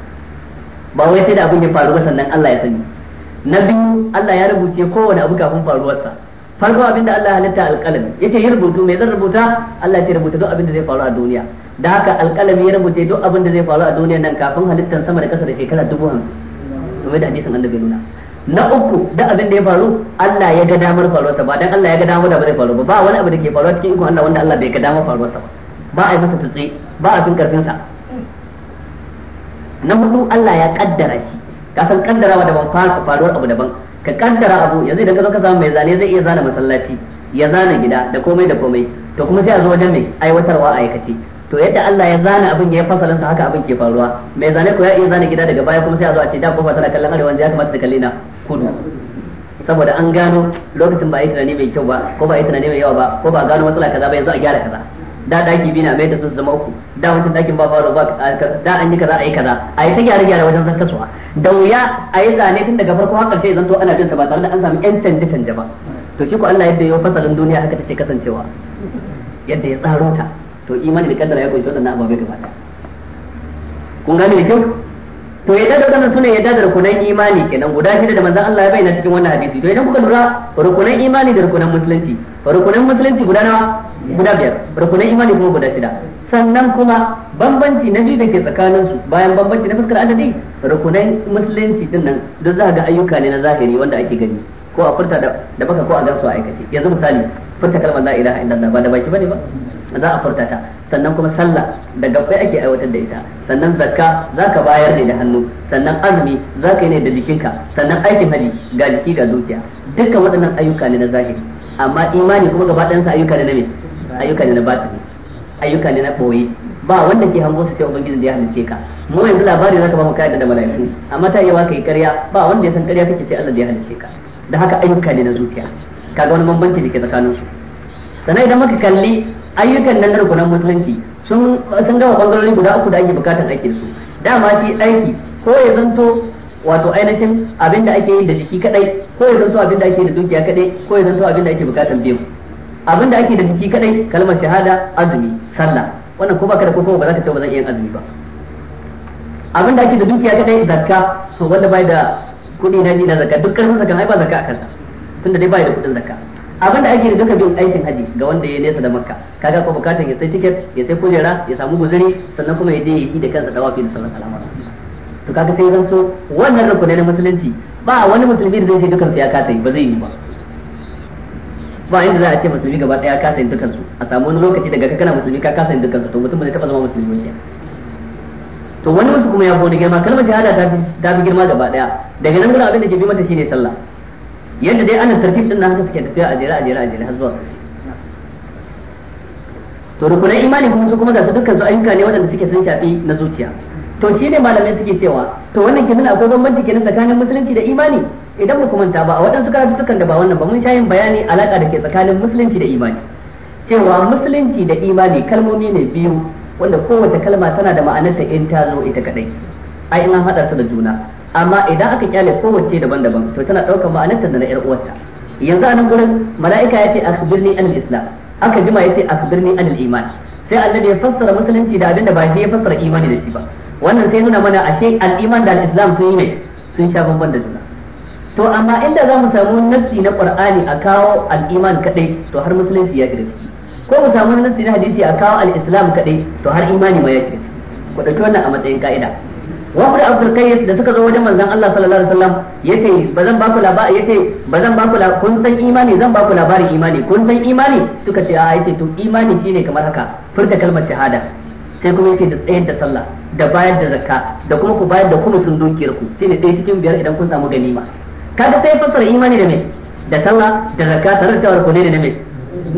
ba wai sai da abin ya faru ba sannan Allah ya sani na biyu Allah ya rubuce kowane abu kafin sa farko abin da Allah halitta alƙalam yace yi rubutu mai zan rubuta Allah ya rubuta duk abin da zai faru a duniya da haka alƙalami ya rubuta duk abin da zai faru a duniya nan kafin halittar sama da ƙasa da shekara dubu hamsin kamar da hadisin annabi nuna na uku da abin da ya faru Allah ya ga damar faruwar sa ba dan Allah ya ga damar da ba zai faru ba ba wani abu da ke faruwa cikin ikon Allah wanda Allah bai ga damar sa ba ba a yi masa tutsi ba a fin karfin sa na hudu Allah ya kaddara shi ka san kaddarawa daban faruwar abu daban ka kaddara abu yanzu idan ka zo ka samu mai zane zai iya zana masallaci ya zana gida da komai da komai to kuma sai a zo wajen mai aiwatarwa a aikace to yadda Allah ya zana abin ya fasalin sa haka abin ke faruwa mai zane ko ya iya zana gida daga baya kuma sai a zo a ce da kofa tana kallon arewa ya kamata ta kalle na kudu saboda an gano lokacin ba a yi tunani mai kyau ba ko ba a yi tunani mai yawa ba ko ba a gano matsala kaza ba yanzu a gyara kaza da daki biyu na a mai da su zama uku da wancan dakin ba faro ba da an yi kaza a yi kaza a yi ta gyara gyara wajen zartaswa da wuya a yi zane tun daga farko har karshe zanto ana jin sa ba tare da an samu yan canje canje ba to shi ko Allah yadda ya fasalin duniya haka take kasancewa yadda ya tsaro ta to imani da kaddara ya kunshi wadannan ababai gaba ɗaya kun gane da kyau to yadda da wannan sunan yadda da rukunan imani kenan guda shida da manzon Allah ya bayyana cikin wannan hadisi to idan kuka lura rukunan imani da rukunan musulunci rukunan musulunci guda nawa guda biyar rukunan imani kuma guda shida sannan kuma bambanci na biyu da ke tsakanin su bayan bambanci na fuskar adadi rukunan musulunci din nan duk za ga ayyuka ne na zahiri wanda ake gani ko a furta da baka ko a gamsu a aikace yanzu misali furta kalmar la ilaha illallah ba da baki bane ba za a furta ta sannan kuma sallah da gabbai ake aiwatar da ita sannan zakka zaka bayar ne da hannu sannan azumi zaka yi ne da jikinka sannan aikin hali ga jiki ga zuciya dukkan waɗannan ayyuka ne na zahiri amma imani kuma gaba ɗayan ayyuka ne na me ayyuka ne na batini ayyuka ne na boye ba wanda ke hango su sai ubangiji da ya halice ka mu yanzu labari zaka ba mu kai da mala'iku amma ta yawa yi ƙarya ba wanda ya san karya kake sai Allah da ya halice ka da haka ayyuka ne na zuciya kaga wani bambanci da ke tsakanin su sannan idan muka kalli ayyukan nan da rukunan musulunci sun sun gama bangarori guda uku da ake bukatar ake su dama shi aiki ko ya zanto wato ainihin abin da ake yi da jiki kadai ko ya zanto abin da ake yi da dukiya kadai ko ya zanto abin da ake bukatar biyu abin da ake da jiki kadai kalmar shahada azumi sallah wannan ko baka da ko ba za ka ce ba zan iya azumi ba abin da ake da dukiya kadai zakka so wanda bai da kudi na ni na zakka dukkan zakka ai ba zakka a kansa tunda dai bai da kudin zakka abin da ake da duka bin aikin haji ga wanda ya nesa da makka kaga ko bukatar ya sai tiket ya sai kujera ya samu guzuri sannan kuma ya je ya yi da kansa wafi da sauran alamar. to kaga sai zan so wannan rukunai na musulunci ba wani musulmi da zai ce dukan ya kasa yi ba zai yi ba ba inda za a ce musulmi gaba daya kasa yin dukansu a samu wani lokaci daga kana musulmi ka kasa yin dukansu. to mutum bai taba zama musulmi ne to wani musu kuma ya fi wani girma kalmar jihada ta fi girma gaba daya daga nan gudan abin da ke bi mata shine sallah yadda dai ana tartib din nan haka suke tafiya a jere a jere a jere har zuwa to kuma imani kuma su kuma ga su dukkan su ayyuka ne waɗanda suke sun shafi na zuciya to shi ne malamai suke cewa to wannan nuna akwai bambanci kenan tsakanin musulunci da imani idan mu manta ba a waɗansu sukan da ba wannan ba mun sha bayani alaka da ke tsakanin musulunci da imani cewa musulunci da imani kalmomi ne biyu wanda kowace kalma tana da ma'anarta in ta zo ita kadai ai in an hada ta da juna amma idan aka kyale kowace daban-daban to tana daukar ma'anarta da na yar uwarta yanzu a nan gurin mala'ika ya ce akhbirni anil islam aka jima ya ce akhbirni anil iman sai annabi ya fassara musulunci da abinda ba shi ya fassara imani da shi ba wannan sai nuna mana ashe al-iman da al-islam sun yi ne sun sha bamban da juna to amma inda za mu samu nassi na qur'ani a kawo al-iman kadai to har musulunci ya shiga ko mu samu nassi na hadisi a kawo al-islam kadai to har imani ma ya shiga ciki ku dauki wannan a matsayin ka'ida wafda abdul kayyis da suka zo wajen manzon Allah sallallahu alaihi wasallam yace bazan ba ku labari yace bazan ba ku kun san imani zan ba ku labarin imani kun san imani suka ce a yace to imani shine kamar haka furta kalmar shahada sai kuma yace da tsayar da sallah da bayar da zakka da kuma ku bayar da kuma sun dokiyar ku shine dai cikin biyar idan kun samu ganima kaga sai fassara imani da me da sallah da zakka tare da cewa ku ne da me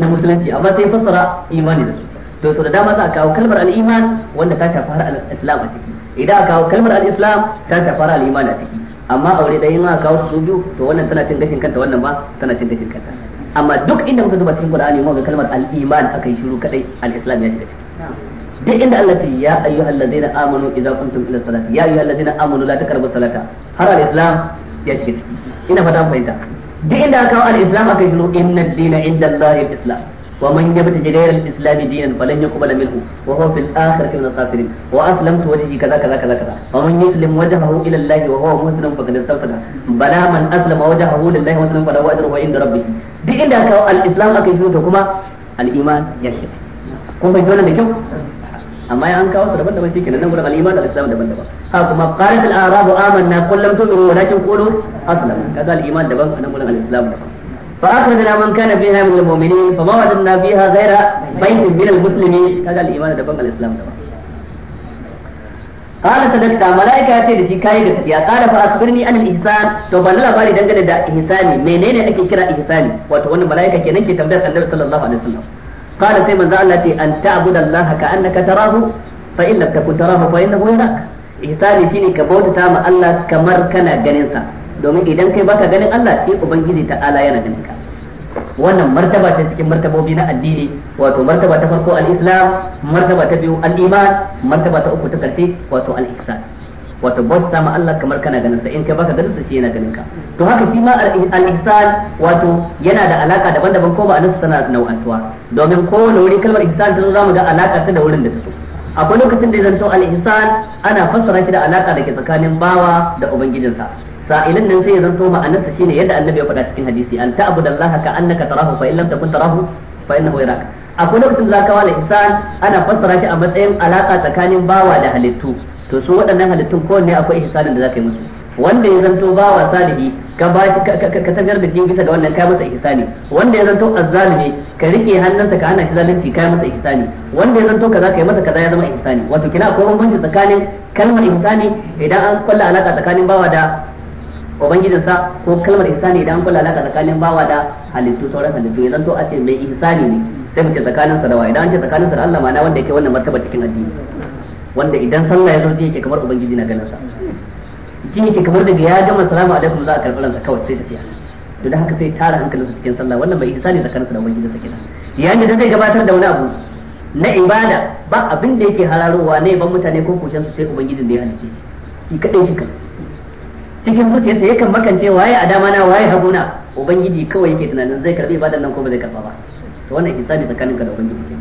na musulunci amma sai fassara imani da su to to da dama za a kawo kalmar al-iman wanda ta shafi har al-islam a ciki idan a kawo kalmar al-islam ta shafi har al-iman a ciki amma aure da yin aka kawo su biyu to wannan tana cin gashin kanta wannan ba tana cin gashin kanta amma duk inda muka zuba cikin Qur'ani mu ga kalmar al-iman aka yi shiru kadai al-islam ya shiga ciki duk inda Allah ya ya ayyuhallazina amanu idza kuntum ila salati ya ayyuhallazina amanu la taqrabu salata har al-islam ya shiga ciki ina fata fahimta duk inda aka kawo al-islam aka yi shiru innad dina inda Allah al-islam ومن يبتغي غير الاسلام دينا فلن يقبل منه وهو في الاخره من الخاسرين واسلمت وجهي كذا كذا كذا كذا ومن يسلم وجهه الى الله وهو مسلم فقد استمسك بلى من اسلم وجهه لله وسلم فله اجره عند ربه duk inda ka al-islam aka yi kuma al-iman ya kun bai jona da kyau amma ya an kawo su daban-daban kenan nan gurin al-iman da al-islam daban-daban ha kuma qalat al-arabu amanna qul tu'minu walakin qulu aslam kaza al-iman daban nan gurin al-islam daban فأخرجنا من كان فيها من المؤمنين فما وجدنا فيها غير بيت من المسلمين هذا الإيمان دبنا الإسلام قال سددت ملائكة يأتي لتي يا قال فأخبرني أن الإحسان تبنى لبالي دنجل دا إحساني منين أكي كرا إحساني وتغن ملائكة كننكي تبدأ النبي صلى الله عليه وسلم قال سيما ذا أن تعبد الله كأنك تراه فإن لم تكن تراه فإنه يراك إحساني فيني كبوت تام الله كمر كان جنسا domin idan kai baka ganin Allah sai ubangiji ta'ala yana ganin ka wannan martaba ta cikin martabobi na addini wato martaba ta farko al-islam martaba ta biyu al-iman martaba ta uku ta karshe wato al-ihsan wato bauta ma Allah kamar kana ganin sa in kai baka ganin sa shi yana ganin ka to haka shi ma al-ihsan wato yana da alaka daban-daban ko ba anan sana nau'antuwa domin kowane wuri kalmar ihsan tun zamu ga alaka ta da wurin da ta so akwai lokacin da zanto al-ihsan ana fassara shi da alaka da ke tsakanin bawa da ubangijinsa sa'ilan nan sai ya zanto ma'anarsa shine yadda annabi ya faɗa cikin hadisi an ta'budallaha ka annaka tarahu fa illam takun tarahu fa innahu yaraka akwai lokacin da zaka wala ihsan ana fassara shi a matsayin alaka tsakanin bawa da halittu to su waɗannan halittun kowanne akwai ihsanin da zaka yi musu wanda ya zanto bawa salihi ka ba ka tagar da jin bisa ga wannan kai masa ihsani wanda ya zanto azzalimi ka rike hannunsa ka ana shi zalunci kai masa ihsani wanda ya zanto kaza kai masa kaza ya zama ihsani wato kina akwai bambanci tsakanin kalmar ihsani idan an kulla alaka tsakanin bawa da ubangijinsa ko kalmar ihsani idan an kula alaka tsakanin bawa da halittu sauran halittu ya zanto a ce mai ihsani ne sai mu ce tsakanin sa da wa idan an ce tsakanin sa da Allah ma'ana wanda yake wannan martaba cikin addini wanda idan sallah ya zo ji yake kamar ubangiji na ganin sa ji yake kamar daga ya gama salamu alaikum za a karɓi ransa kawai sai tafiya to da haka sai tara sa cikin sallah wannan bai ihsani tsakanin sa da ubangiji sa kenan yayin da zai gabatar da wani abu na ibada ba abin da yake hararowa na ban mutane ko kushen su sai ubangijin da ya halice shi kadai shi kadai cikin zuciyarsa yakan makance waye a dama na waye haguna ubangiji kawai yake tunanin zai karbi ibadan nan ko ba zai karba ba to wannan tsakanin ka da ubangiji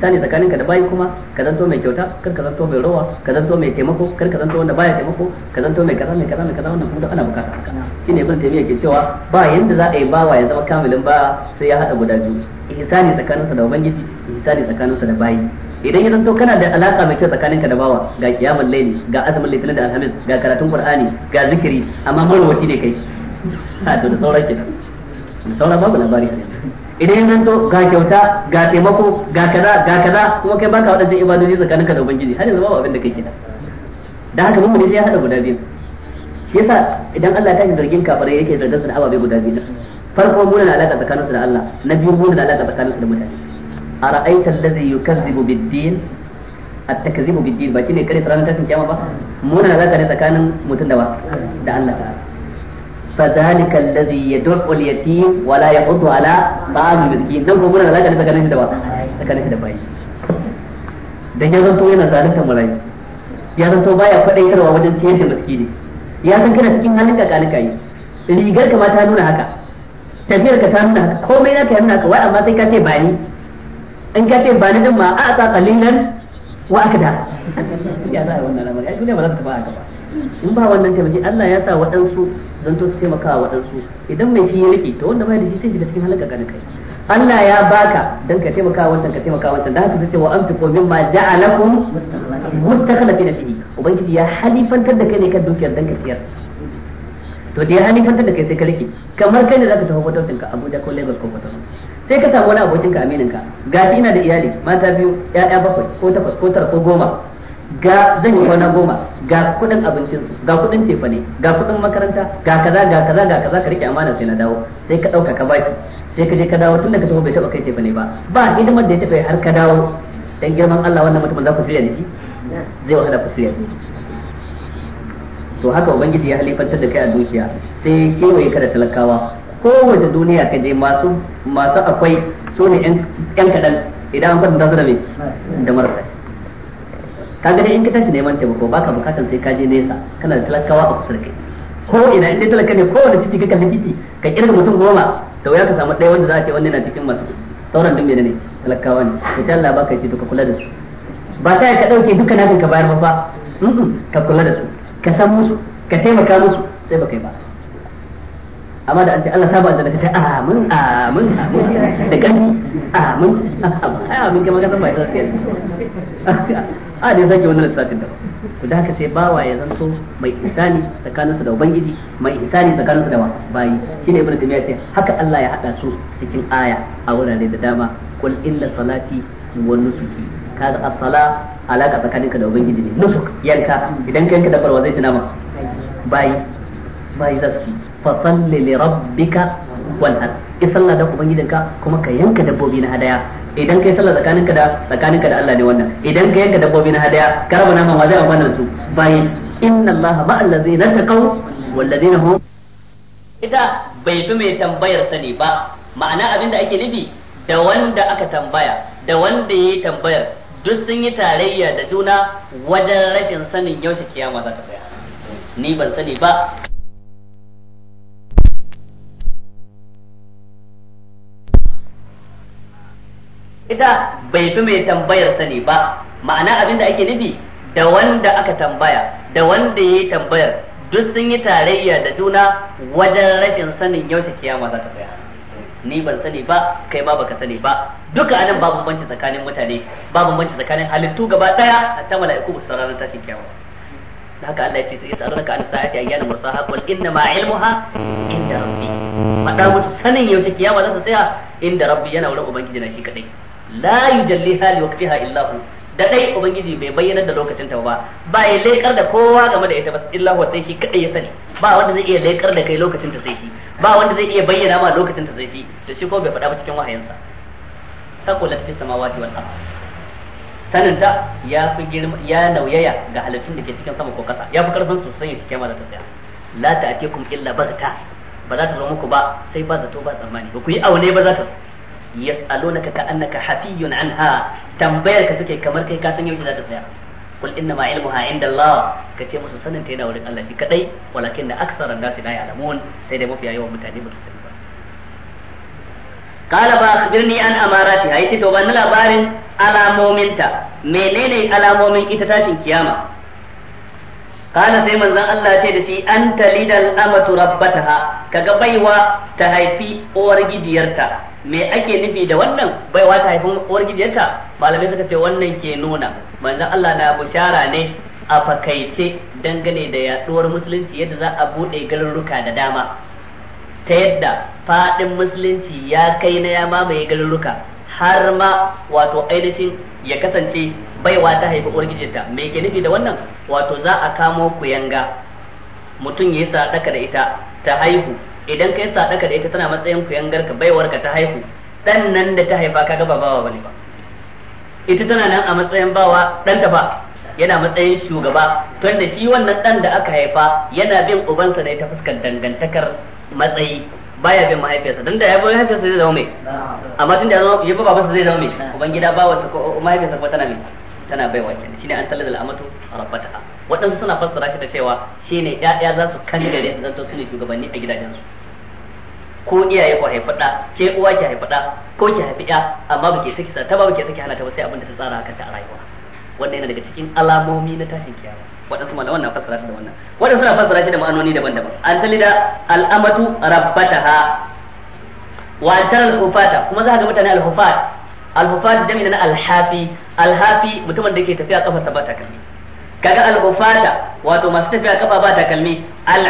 kenan tsakanin ka da bayi kuma ka zanto mai kyauta kar ka zanto mai rawa ka zanto mai taimako kar ka zanto wanda baya taimako ka zanto mai kaza mai kaza mai kaza wannan kuma ana bukata haka shine ibn taymiya ke cewa ba yanda za a yi bawa ya zama kamilin ba sai ya hada guda biyu tsakanin tsakaninsa da ubangiji tsakanin tsakaninsa da bayi idan ya zanto kana da alaka mai kyau tsakaninka da bawa ga kiyamul layli ga azumin litinin da alhamis ga karatun qur'ani ga zikiri amma marwaci ne kai ha to da sauran kenan da sauran babu labari idan ya zanto ga kyauta ga taimako ga kaza ga kaza kuma kai baka wadannan ibadoji tsakaninka da ubangiji har yanzu babu abin da kai kenan dan haka mun ne ya hada guda biyu yasa idan Allah ta zargin kafirai yake zargin su da ababe guda biyu farko muna da alaka tsakaninsu da Allah na biyu muna da alaka tsakaninsu da mutane ara'aita allazi yukazzibu bid-din at-takzibu bid-din ba kine kare ranar tashin kiyama ba muna na zaka ne tsakanin mutun da ba. da Allah ta fadhalika allazi yad'u al-yatim wala la yahuddu ala ta'am miskin dan ko muna na zaka ne tsakanin da wa tsakanin da bai dan ya zanto yana zalunta marayu ya zanto baya kwadaitarwa wajen ciye da miskini ya san kana cikin halin ka kanika yi rigar ka ma ta nuna haka tafiyar ka ta nuna haka komai naka ya nuna haka wai amma sai ka ce ba ni in ka ce ba na jin ma a tsaka lilan wa da ya za a wannan ya shi ne ba za ta ba haka ba in ba wannan taimaki Allah ya sa waɗansu zan to su taimaka wa waɗansu idan mai shi ya rike to wanda bai da shi sai da cikin halaka ga kai Allah ya baka dan ka taimaka wancan ka taimaka wancan dan haka sai wa ko min ma ja'alakum fi fihi ubangiji ya halifantar da kai ne kan dukiyar dan ka siyar to da ya halifantar da kai sai ka rike kamar kai ne zaka tafi kwatautin ka Abuja ko Lagos ko kwatautin sai ka samu wani ka aminin ka ga ina da iyali mata biyu ya'ya bakwai ko takwas ko tara ko goma ga zan yi kwana goma ga kudin abincin su ga kudin tefane ga kudin makaranta ga kaza ga kaza ga kaza ka rike amana sai na dawo sai ka dauka ka baki sai ka je ka dawo tunda ka tafi bai taba kai tefane ba ba hidimar da ya tafi har ka dawo dan girman Allah wannan mutumin za ku shirya niki zai wahala ku shirya to haka ubangiji ya halifantar da kai a dukiya sai kewaye ka da talakawa kowace duniya ka je masu masu akwai su ne yan kaɗan idan an kwatanta su da me da marasa ka gani dai in ka tashi neman taimako baka bukatan sai ka je nesa kana da talakawa a kusa da kai ko ina in dai talaka ne kowane titi ka kalli titi ka kirga mutum goma da wuya ka samu ɗaya wanda za a ce wannan na cikin masu sauran mene ne talakawa ne ka ta Allah baka yi to ka kula da su ba ta ka ɗauke duka nakin ka bayar ba fa ka kula da su ka san musu ka taimaka musu sai baka yi ba amma da an ce Allah ta ba'anta da kace amin ah, amin ah, da gani amin ah, amin kamar kasan bai tsarki a dai sake wannan lissafin da ku da haka sai bawa ya zanto mai ihsani tsakaninsa da ubangiji mai ihsani tsakaninsa da bayi shine ibnu tumiya ce haka Allah ya hada su cikin aya a wurare da dama kul inna salati wa nusuki kaga as-sala alaka tsakaninka da ubangiji ne nusuk yanka idan ka yanka da farwa zai ma bayi bayi za su fa salli li rabbika wanhar ki sallah da ubangijinka kuma ka yanka dabbobi na hadaya idan kai sallah tsakaninka da tsakaninka da Allah ne wannan idan ka yanka dabbobi na hadaya ka raba nama ma zai amfana da su bayan inna Allah ma'al ladzina taqaw wal ladzina hum ita bai fi mai tambayar sani ba ma'ana abin da ake nufi da wanda aka tambaya da wanda yayi tambayar duk sun yi tarayya da juna wajen rashin sanin yaushe kiyama za ta tsaya ni ban sani ba ita bai fi mai tambayar sani ba ma'ana abin da ake nufi da wanda aka tambaya da wanda ya yi tambayar duk sun yi tarayya da juna wajen rashin sanin yaushe kiyama za ta tsaya ni ban sani ba kai ma baka sani ba duka anan babu banci tsakanin mutane babu banci tsakanin halittu gaba daya hatta mala'iku ba su ranar tashin kiyama haka Allah ya ce sai tsaro ka an sa'ati ayyana musaha kul inna ma ilmuha inda rabbi fada musu sanin yaushe kiyama za ta tsaya inda rabbi yana wurin ubangiji na shi kadai la yujalliha li waqtiha illa hu da dai ubangiji bai bayyana da lokacin ta ba ba ya lekar da kowa game da ita ba illa huwa sai shi kadai ya sani ba wanda zai iya lekar da kai lokacin ta sai shi ba wanda zai iya bayyana ma lokacin ta sai shi to shi ko bai faɗa ba cikin wahayinsa kula ta samawati wal ard saninta ya fi girma ya nauyaya ga halittun da ke cikin sama ko kasa ya fi karfin su sanya shi kema da ta tsaya la ta'atikum illa baghta ba za ta zo muku ba sai ba zato ba tsammani ba ku yi aune ba za ta zo yas'alunaka ka annaka hafiyun anha tambayar ka suke kamar kai ka san yau za ta tsaya kul inna ma ilmuha inda Allah ka ce musu sanin ta yana wurin Allah shi kadai walakin da aksaran nasu la ya'lamun sai dai mafiya yawan mutane ba su sani ba qala ba akhbirni an amaratiha yace to na labarin alamominta menene alamomin ita tashin kiyama kana sai manzon Allah ce da shi an talidal amatu rabbataha kaga baiwa ta haifi uwar gidiyarta me ake nufi da wannan baiwa ta haifin uwar gijiyarta malamai suka ce wannan ke nuna manzon Allah na bushara ne a fakaice dangane da yaduwar musulunci yadda za a bude garuruka da dama ta yadda fadin musulunci ya kai na ya mamaye garuruka har ma wato ainihin ya kasance baiwa ta haifi uwar gijinta me ke nufi da wannan wato za a kamo kuyanga mutum ya yi sadaka da ita ta haihu idan kai sadaka da ita tana matsayin kuyangar ka baiwar ka ta haihu dan nan da ta haifa kaga ba bawa bane ba ita tana nan a matsayin bawa dan ta ba yana matsayin shugaba tun shi wannan dan da aka haifa yana bin ubansa ne ta fuskar dangantakar matsayi baya bin mahaifiyarsa dan da ya bin mahaifiyarsa zai zama mai amma tun ya zama yabo babansa zai zama mai ubangida bawa ko mahaifiyarsa ko tana mai tana baiwa kenan shine an talla da al'amatu rabbataha waɗansu suna fassara shi da cewa shine ƴaƴa za su kangare su zanto su ne shugabanni a gidajensu ko iyaye ko haifi ɗa ke uwa ki haifi ɗa ko ki haifi ƴa amma ba ke saki ta ba ba ke saki hana ta ba sai abin da ta tsara kanta a rayuwa wannan yana daga cikin alamomi na tashin kiyama waɗansu malaman na fassara shi da wannan waɗansu na fassara shi da ma'anoni daban-daban an da al'amatu rabbataha wa antar al-hufata kuma za ka ga mutane al-hufat al-hufat alhafi na mutumin da ke tafiya kafarsa ba takalmi kaga al wato masu tafiya kafa ba takalmi al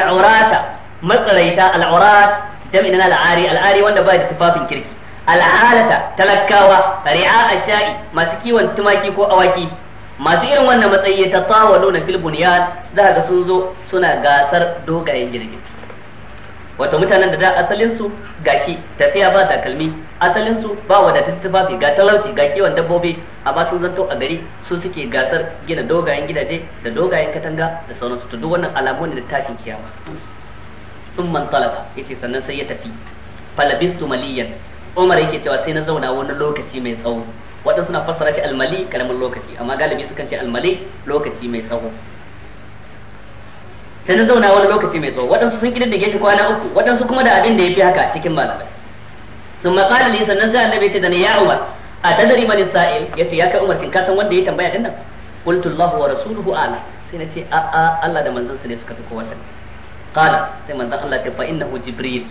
matsaraita al-urat na wanda ba da tufafin kirki al talakawa talakkawa ri'a ashai masu kiwon tumaki ko awaki masu irin wannan matsayi ta tawalo na fil bunyan za ga sun zo suna gasar dogayen girgin wato mutanen da da asalin su gashi tafiya ba takalmi asalinsu ba wadatun tufafi ga talauci ga kiwon dabbobi amma sun zanto a gari su suke gasar gina dogayen gidaje da dogayen katanga da sauransu to duk wannan alamu ne da tashin kiyama sun man talaba yace sannan sai ya tafi falabistu maliyan Umar yake cewa sai na zauna wani lokaci mai tsawo waɗansu suna fassara shi almali karamin lokaci amma galibi sukan ce almali lokaci mai tsawo sai na zauna wani lokaci mai tsawo waɗansu sun kididdige shi kwana uku waɗansu kuma da abin da ya fi haka cikin malamai sun maƙala li sannan sai annabi ce da ni ya umar a tadari man sa'il ce ya kai umar shin ka san wanda ya tambaya din nan qultu wa rasuluhu ala sai na ce a a allah da manzon sa ne suka fi kowa sani qala sai manzon allah ce fa innahu jibril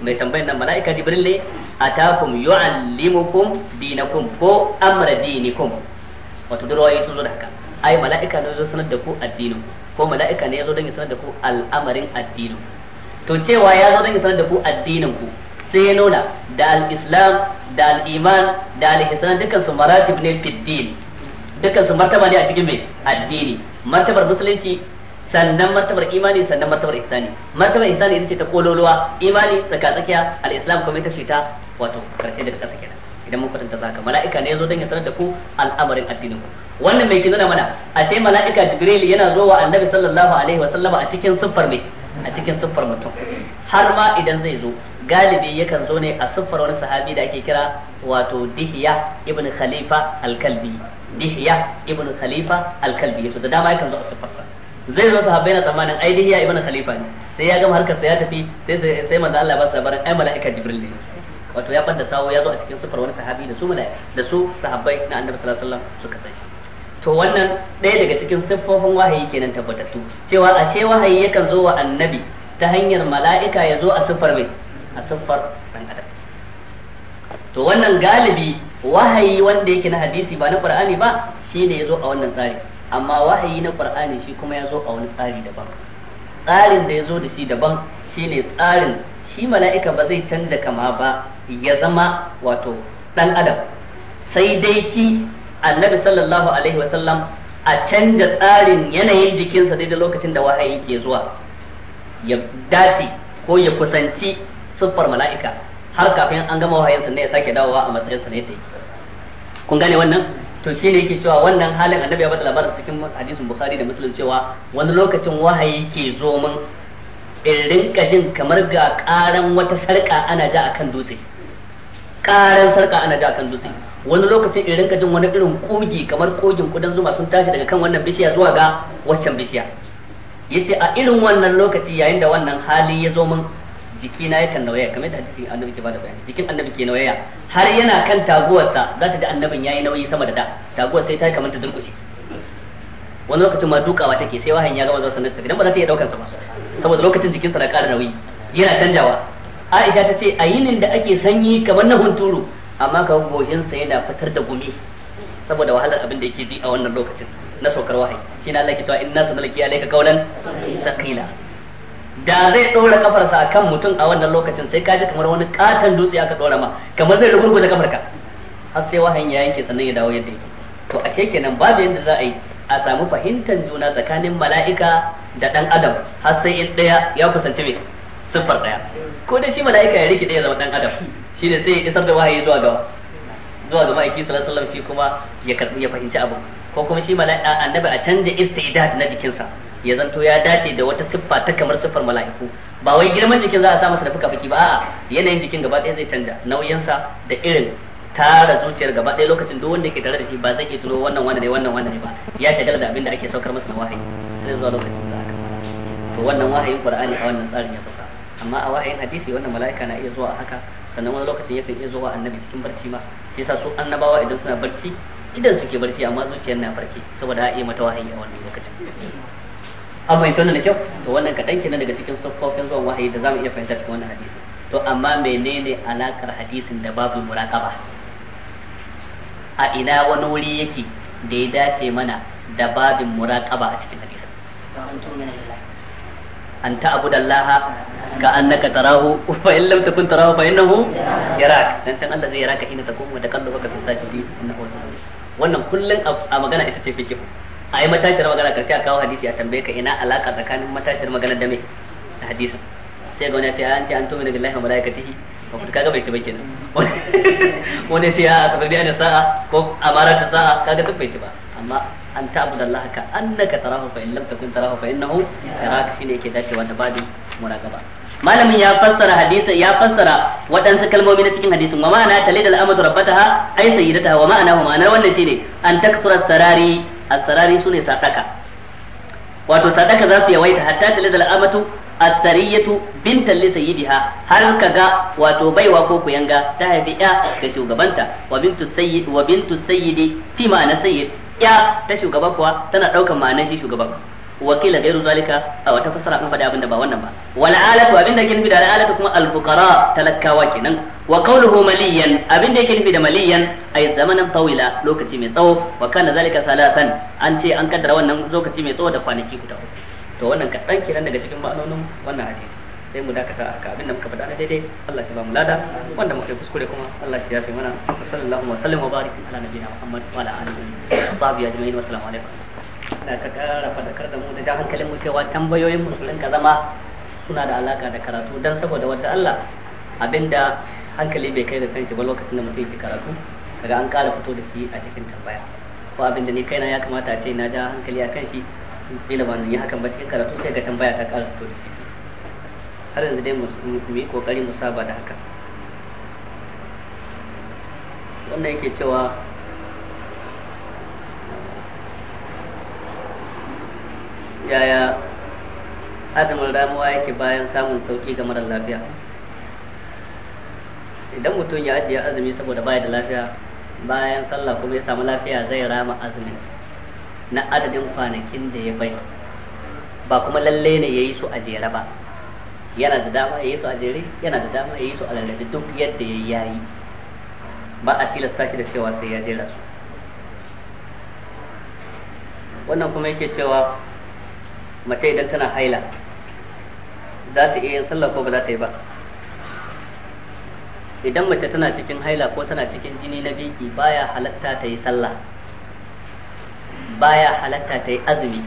mai tambayan nan mala'ika jibril ne atakum yu'allimukum dinakum ko amra dinikum wato durwayi sun zo da haka ai mala'ika ne zo sanar da ku addinin ko mala'ika ne ya zo don ya sanar da ku al'amarin addinin to cewa ya zo don ya sanar da ku addinin ku sai ya nuna da al-islam da al-iman da al-ihsan dukkan su maratib ne fi din dukkan su martaba ne a cikin mai addini martabar musulunci sannan martabar imani sannan martabar ihsani martabar ihsani ita ce ta kololuwa imani tsaka tsakiya al-islam kuma ita ce ta wato karshe daga ƙasa kenan idan mun kwatanta zaka mala'ika ne yazo dan ya sanar da ku al'amarin addinin ku wannan mai kinuna mana ashe mala'ika jibril yana zo wa annabi sallallahu alaihi wa sallama a cikin siffar mai a cikin siffar mutum har ma idan zai zo galibi yakan zo ne a siffar wani sahabi da ake kira wato Dihya ibn khalifa al-kalbi dihiya ibn khalifa al-kalbi so da dama yakan zo a siffarsa zai zo sahabbai na tsammanin ai Dihya ibn khalifa ne sai ya gama harkar sa ya tafi sai sai manzo Allah ya ba sa barin ai mala'ika jibril ne wato ya fadda sawo ya zo a cikin sufar wani sahabi da su mala da su sahabbai na annabi sallallahu alaihi wasallam suka sai to wannan ɗaya daga cikin siffofin wahayi kenan tabbatattu cewa ashe wahayi yakan zo wa annabi ta hanyar mala'ika ya zo a siffar mai a siffar dan adam to wannan galibi wahayi wanda yake na hadisi ba na qur'ani ba shine ya zo a wannan tsari amma wahayi na qur'ani shi kuma ya zo a wani tsari daban tsarin da ya zo da shi daban shine tsarin shi mala'ika ba zai canza kama ba ya zama wato ɗan adam sai dai shi annabi sallallahu alaihi wasallam a canja tsarin yanayin jikinsa daidai lokacin da wahayi ke zuwa ya dace ko ya kusanci siffar mala'ika har kafin an gama wahayinsa ne ya sake dawowa a matsayinsa ne da kun gane wannan to shi ne yake cewa wannan halin annabi ya bada labarin cikin hadisin bukhari da muslim cewa wani lokacin wahayi ke zo min in rinka jin kamar ga karan wata sarka ana ja akan dutse karan sarka ana ja akan dutse wani lokacin in rinka jin wani irin kogi kamar kogin kudan zuma sun tashi daga kan wannan bishiya zuwa ga waccan bishiya yace a irin wannan lokaci yayin da wannan hali ya zo min jikina ya kan nauyaya kamar yadda hadisi annabi ke bada bayani jikin annabi ke nauyaya har yana kan taguwarsa za ta ji annabin yayi nauyi sama da da taguwar sai ta kamar ta durkushe wani lokacin ma dukawa take sai wahayin ya gama zuwa sannan ta idan ba za ta iya daukar sa ba saboda lokacin jikinsa na ƙara nauyi yana canjawa Aisha ta ce a yinin da ake sanyi kamar na hunturu amma ka goshinsa yana fitar da gumi saboda wahalar abin da yake ji a wannan lokacin na saukar wahayi shi na Allah in cewa inna sanalki alayka qawlan Sakila. da zai ɗora kafarsa a kan mutum a wannan lokacin sai ka ji kamar wani katon dutse aka ɗora ma kamar zai rubuta kafarka har sai wahayin ya yanke sannan ya dawo yadda yake to ashe kenan babu yadda za a yi a samu fahimtar juna tsakanin mala'ika da dan adam har sai in daya ya kusanci mai siffar daya ko dai shi mala'ika ya rike daya zama dan adam shi ne sai ya isar da wahayi zuwa ga zuwa ga ma'aiki sallallahu alaihi shi kuma ya karbi ya fahimci abu ko kuma shi mala'ika annabi a canja istidad na jikinsa ya zanto ya dace da wata siffa ta kamar siffar mala'iku ba wai girman jikin za a sa masa da fuka-fuki ba a'a yanayin jikin gaba ɗaya zai canja nauyinsa da irin tara zuciyar gaba ɗaya lokacin duk wanda ke tare da shi ba zai iya tuno wannan wanda ne wannan wanda ne ba ya shagala da abin da ake saukar masa na wahayi sai zuwa lokacin da aka to wannan wahayin qur'ani a wannan tsarin ya sauka amma a wahayin hadisi wannan mala'ika na iya zuwa a haka sannan wani lokacin yakan iya zuwa annabi cikin barci ma shi yasa su annabawa idan suna barci idan suke barci amma zuciyar na farke saboda a iya mata wahayi a wannan lokacin an fahimci wannan da kyau to wannan kaɗan kenan daga cikin siffofin zuwan wahayi da zamu iya fahimta cikin wannan hadisi to amma menene alakar hadisin da babu muraqaba a ina wani wuri yake da ya dace mana da babin muraqaba a cikin hadisi an ta'budu Allah ka annaka tarahu fa in lam takun tarahu fa innahu yarak dan san Allah zai yaraka ta takumu da kallo baka fi sajidi innahu wannan kullun a magana ita ce fikihu a yi matashiyar magana karshe a kawo hadisi a tambaye ka ina alaka tsakanin matashiyar magana da me da hadisin sai ga wani ya ce an ce an tumi da lillahi wa malaikatihi wani kaga bai ci ba kenan wani sai a sababi ana sa'a ko amara ta sa'a kaga duk bai ci ba amma an ta abu da Allah ka annaka tarahu fa in lam takun tarahu fa innahu yaraka shine yake dacewa da babin muraqaba malamin ya fassara hadisi ya fassara waɗansu kalmomi na cikin hadisin wa ma'ana talidal amatu rabbataha ay sayyidataha wa ma'ana wa ma'anar wannan shine an taksura sarari as-sarari sune sakaka wato sadaka za su yawaita hatta ta lidal amatu asariyatu bintan li sayyidiha har kaga wato baiwa ko kuyanga ta haifi ya ga shugabanta wa bintu sayyid wa bintu sayyidi fi ma'ana sayyid ya ta shugaba kuwa tana daukar ma'anar shi shugaban wakila gairu zalika a wata fasara an faɗi abinda ba wannan ba wal alatu abinda yake nufi da alatu kuma al fuqara talakkawa kenan wa qawluhu maliyan abinda yake nufi da maliyan ay zamanan tawila lokaci mai tsawo wa kana zalika salasan an ce an kaddara wannan lokaci mai tsawo da kwanaki guda to wannan kaɗan kenan daga cikin ma'anonin wannan hadisi sai mu dakata a abin da muka faɗa na daidai Allah shi ba mu lada wanda muka kuskure kuma Allah shi yafe mana sallallahu alaihi wa sallam wa ala ala da ka kara fadakar da mu da jan hankalin mu cewa tambayoyin musulun ka zama suna da alaka da karatu dan saboda wanda Allah abinda hankali bai kai da kanshi ba lokacin da mutum yake karatu kaga an kala fito da shi a cikin tambaya ko abinda ni kaina ya kamata ce na ja hankali a kanshi kila ba yi hakan ba cikin karatu sai ga tambaya ta kara fito da shi har yanzu dai mu yi kokari mu saba da haka wannan yake cewa yaya azumin ramuwa yake bayan samun sauki ga marar lafiya idan mutum ya ajiye azumi saboda baya da lafiya bayan sallah kuma ya samu lafiya zai rama azumin na adadin kwanakin da ya bai ba kuma lalle ne ya yi su a jere ba yana da dama ya yi su a jere yana da dama ya yi su a duk yadda ya yayi ba a tilasta shi da cewa sai ya jera su wannan kuma yake cewa mace idan tana haila za ta iya yin sallah ko ba za ta yi ba idan mace tana cikin haila ko tana cikin jini na biki baya halatta ta yi sallah baya halatta ta yi azumi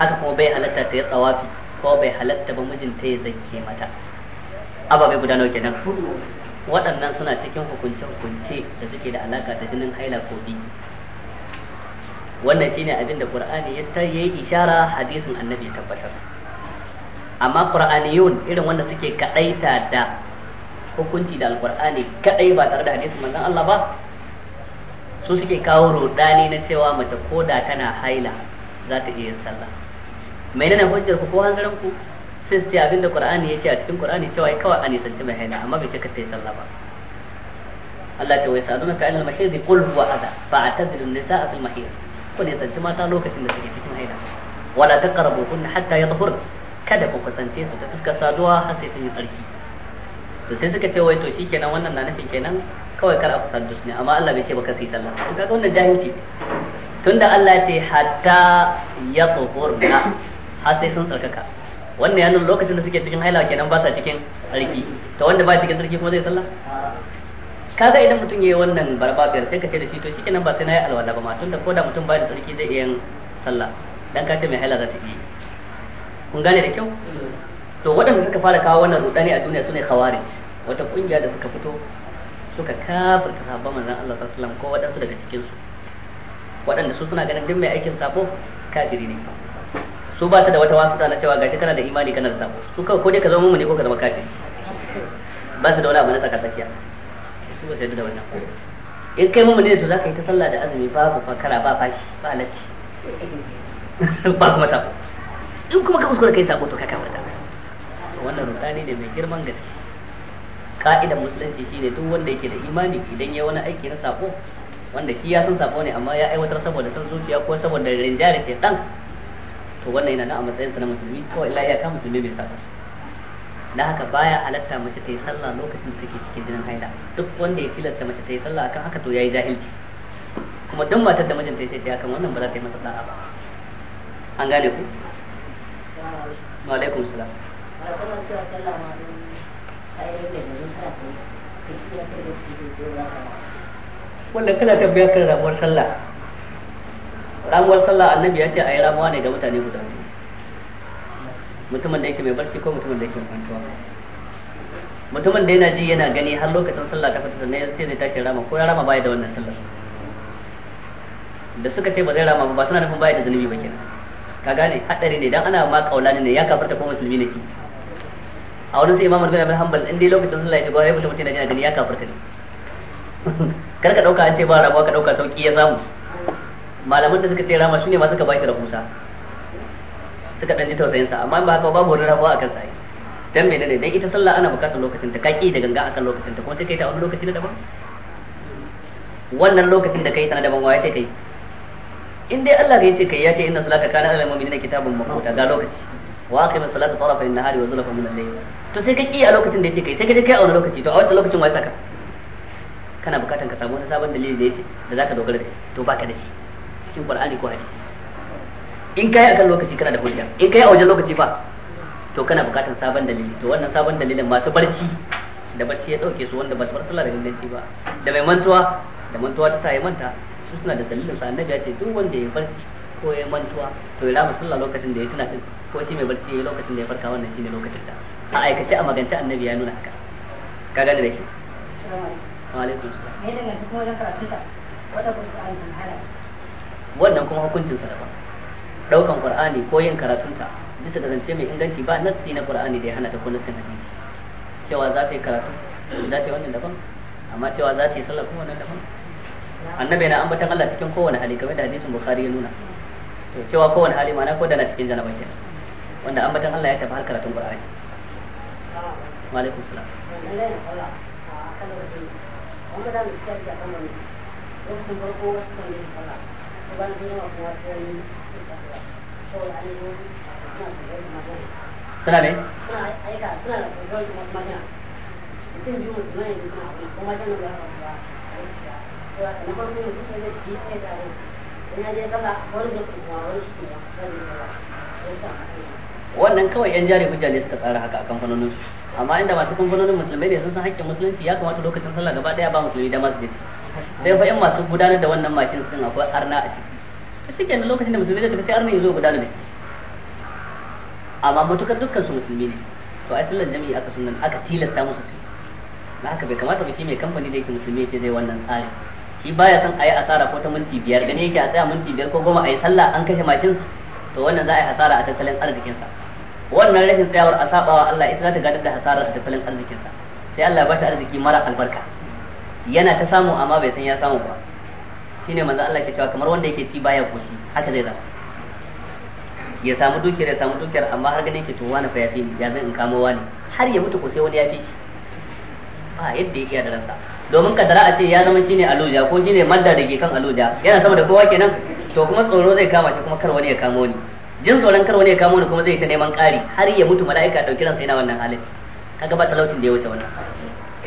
haka kuma bai halatta ta yi tsawafi ko bai halatta ba mijinta ya zanke mata ababe guda nawa kenan waɗannan suna cikin hukunce-hukunce da suke da alaka da jinin haila ko biki wannan shine abinda qur'ani ya ta yi ishara hadisin annabi ya tabbatar amma qur'aniyun irin wanda suke kadaita da hukunci da alqur'ani kadai ba tare da hadisin manzon Allah ba su suke kawo rudani na cewa mace da tana haila za ta iya yin sallah menene hujjar ku ko hanzarin ku sai su ce abinda qur'ani ya ce a cikin qur'ani cewa kawai an nisanci mai haila amma bai ce ka ta yi sallah ba Allah ce wai sadunaka kayan mahidi qul huwa adha fa'tazilu nisaa fil mahidi ku ne tsanci mata lokacin da suke cikin haila wala taqrabu kun hatta yadhhur kada ku kusance su ta fuskar saduwa har sai sun yi tsarki to sai suka ce wai to shikenan wannan na nufin kenan kawai kar a kusantu su ne amma Allah bai ce baka sai sallah to kaga wannan jahilci tunda Allah ya ce hatta yadhhurna har sai sun tsarkaka wannan ya nuna lokacin da suke cikin haila kenan ba sa cikin tsarki to wanda ba cikin tsarki kuma zai sallah kaga idan mutum yayi wannan barbabiyar sai ka ce da shi to shikenan ba sai na yi alwala ba matun da ko da mutum bai da tsarki zai iya yin sallah dan ka ce mai haila za ta yi kun gane da kyau to waɗanda suka fara kawo wannan rudani a duniya sune khawarij wata kungiya da suka fito suka ta sahabban manzon Allah sallallahu alaihi wasallam ko waɗansu daga cikin su waɗanda su suna ganin duk mai aikin sako kafiri ne su ba ta da wata wasu na cewa gashi kana da imani kana da sako su kawai ko dai ka zama ne ko ka zama kafiri ba su da wani abu na tsaka tsakiya ba sai da wannan in kai mamuni ne to zaka yi ta sallah da azumi ba fakara ba fashi ba lati ba kuma sabo in kuma ka kuskura kai sako to ka kafarta wannan rutani ne mai girman gaske ka'idan musulunci shine duk wanda yake da imani idan ya wani aiki na sako wanda shi ya san sako ne amma ya aiwatar saboda san zuciya ko saboda rinjare dan to wannan yana na a matsayin sa na musulmi kawai la ya ka musulmi bai sako na haka baya halatta mace ta yi sallah lokacin da take cikin jinin haila duk wanda ya tilasta mace ta yi sallah akan haka to yayi jahilci kuma duk matar da mijinta ya yi ta akan wannan ba za ta yi masa da'a ba an gane ku wa alaikum salam wannan kana tambaya kan ramuwar sallah ramuwar sallah annabi ya ce a yi ramuwa ne ga mutane guda biyu mutumin da yake mai barci ko mutumin da yake kwantuwa mutumin da yana ji yana gani har lokacin sallah ta fita sannan sai zai tashi rama ko ya rama baya da wannan sallar da suka ce ba zai rama ba suna nufin baya da zunubi ba kenan ka gane hadari ne dan ana ma kaulani ne ya kafarta ko musulmi ne shi a wurin sai imam Ahmad bin Hanbal in dai lokacin sallah ya shigo ya mutum yana gani ya kafarta ne kar ka dauka an ce ba rama ka dauka sauki ya samu malaman da suka ce rama shine ma suka bashi rahusa suka ɗan ji tausayin sa amma ba haka babu wani rabuwa akan sa dan ne dan ita sallah ana bukatar lokacin ta kaki da ganga akan lokacin ta kuma sai kai ta wani lokaci na daban wannan lokacin da kai tana daban waye sai kai in dai Allah ya ce kai ya ce inna salata kana alal mu'minina kitabun mafuta ga lokaci wa aqim as-salata tarafa an-nahari wa zulfa min al-layl to sai ka ki a lokacin da ya ce kai sai ka je kai a wani lokaci to a wancan lokacin waye saka kana bukatan ka samu wani sabon dalili da ce da zaka dogara da shi to baka da shi cikin Qur'ani ko hadisi in kai akan lokaci kana da hujja in kai a wajen lokaci ba to kana bukatar sabon dalili to wannan sabon dalilin masu barci da barci ya dauke su wanda ba su sallah da ganganci ba da mai mantuwa da mantuwa ta sa ya manta su suna da dalilin sa annabi ya ce duk wanda ya barci ko ya mantuwa to ya rama sallah lokacin da ya tuna din ko shi mai barci ya lokacin da ya farka wannan shine lokacin da a aikace a magance annabi ya nuna haka ka gane da ke alaikum salam me ta wata kuma an wannan kuma hukuncin sa ba daukan qur'ani ko yin karatunta bisa da zance mai inganci ba nassi na qur'ani da ya hana ta ko nassin hadisi cewa za ta yi karatu za ta yi wannan daban amma cewa za ta yi sallah kuma wannan daban annabi na ambatan Allah cikin kowane hali kamar da hadisin bukhari ya nuna to cewa kowane hali ma na ko da na cikin janaba kenan wanda ambatan Allah ya tafi har karatun qur'ani wa alaikum salam lokacin farko wasu kan yin ne ko ban zuwa kuma sai suna ne wannan kawai yan jari hujja ne suka tsara haka a kamfanonin su amma inda masu kamfanonin musulmai ne sun san hakkin musulunci ya kamata lokacin sallah gaba daya ba musulmi da masu jiki sai fa yan masu gudanar da wannan mashin sun akwai arna a ciki shi kenan lokacin da musulmi zai tafi sai arna ya zo gudana ne amma matukar dukkan su musulmi ne to ai sallan jami'i aka sunan aka tilasta musu su na haka bai kamata ba shi mai kamfani da yake musulmi ce zai wannan tsari shi baya son ayi asara ko ta minti biyar gani yake a tsaya minti biyar ko goma ayi sallah an kashe mashin to wannan za a yi hasara a tattalin arzikinsa wannan rashin tsayawar a sabawa Allah ita za ta gadar da hasarar a tattalin arzikinsa sai Allah ya bashi arziki mara albarka yana ta samu amma bai san ya samu ba shine manzo Allah ke cewa kamar wanda yake ci baya koshi haka zai zama ya samu dukiyar ya samu dukiyar amma har ganin ke to wani fa yafi ya zan in kamo wani har ya mutu ko sai wani ya fi shi ba yadda ya iya da ransa domin kadara a ce ya zama shine aluja ko shine madda da ke kan aluja yana sama da kowa kenan to kuma tsoro zai kama shi kuma kar wani ya kamo ni jin tsoron kar wani ya kamo ni kuma zai ta neman ƙari har ya mutu mala'ika dauki ransa ina wannan halin kaga ba talaucin da ya wuce wannan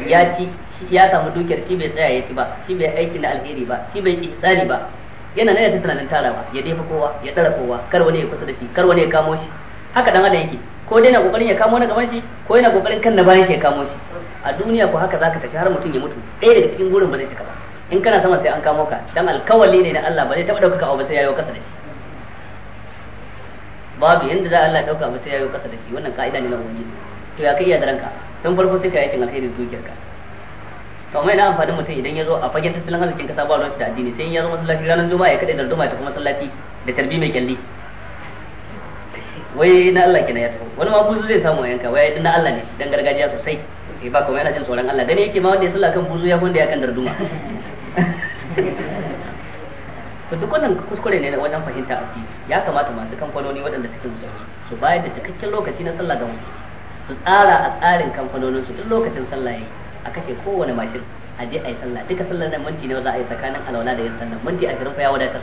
ya ci ya samu dukiyar shi bai tsaya ya ci ba shi bai aiki da alheri ba shi bai tsari ba yana nan ya tunanin tarawa ya dafa kowa ya tsara kowa kar wani ya kusa da shi kar wani ya kamo shi haka dan adam yake ko dai na kokarin ya kamo na gaban shi ko yana kokarin kan na bayan shi ya kamo shi a duniya ko haka zaka tafi har mutum ya mutu ɗaya daga cikin gurin ba zai cika ba in kana sama sai an kamo ka dan alkawali ne na Allah ba zai dauka ka ba sai yayo kasa da shi babu yanda za Allah ɗauka ba sai yayo kasa da shi wannan ka'ida ne na ubangiji to ya kai iya da ranka tun farko sai ka yakin alheri da ka to mai na amfani mutum idan ya zo a fagen tattalin arzikin kasa ba ruwanci da addini sai ya zo masallaci ranar juma'a ya kada darduma ta kuma masallaci da tarbi mai kyalli wai na Allah kenan ya tafi wani ma buzu zai samu yanka wai na Allah ne dan gargajiya sosai eh ba kuma yana jin tsoron Allah dan yake ma wanda ya sallah kan buzu ya wanda ya kan darduma to duk wannan kuskure ne wajen fahimta addini ya kamata masu kamfanoni waɗanda suke musulmi su bayar da cikakken lokaci na sallah ga musulmi su tsara a tsarin kamfanonin su duk lokacin sallah yayi a kashe kowane mashin a je a yi sallah duka sallar nan minti nawa za a yi tsakanin alwala da yin sallah minti 20 fa ya wadatar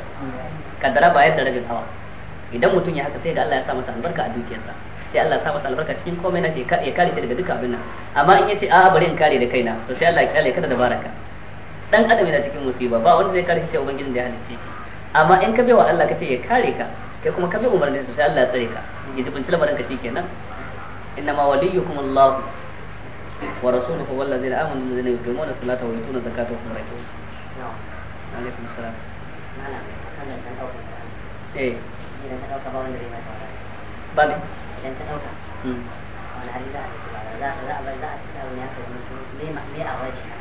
kaddara ba yadda rabin hawa idan mutum ya haka sai ga Allah ya sa masa albarka a dukiyarsa sai Allah ya sa masa albarka cikin komai na ya kare shi daga duka abin nan amma in yace a'a bari in kare da kaina to sai Allah ya kare ka da dabaraka dan adam yana cikin musiba ba wanda zai kare shi sai ubangijin da ya halicce shi amma in ka bai wa Allah kace ya kare ka kai kuma ka bai umarnin sai Allah ya tsare ka yaji jibinci lamarin ka shikenan إنما وليكم الله ورسوله هو الذين آمنوا الذين يقيمون الصلاة ويؤتون الزكاة وهم راكعون عليكم السلام إيه بابي إذا أنت أوكا وأنا عندي لا لا لا لا لا تساوي ياخذ ليه ليه أوجه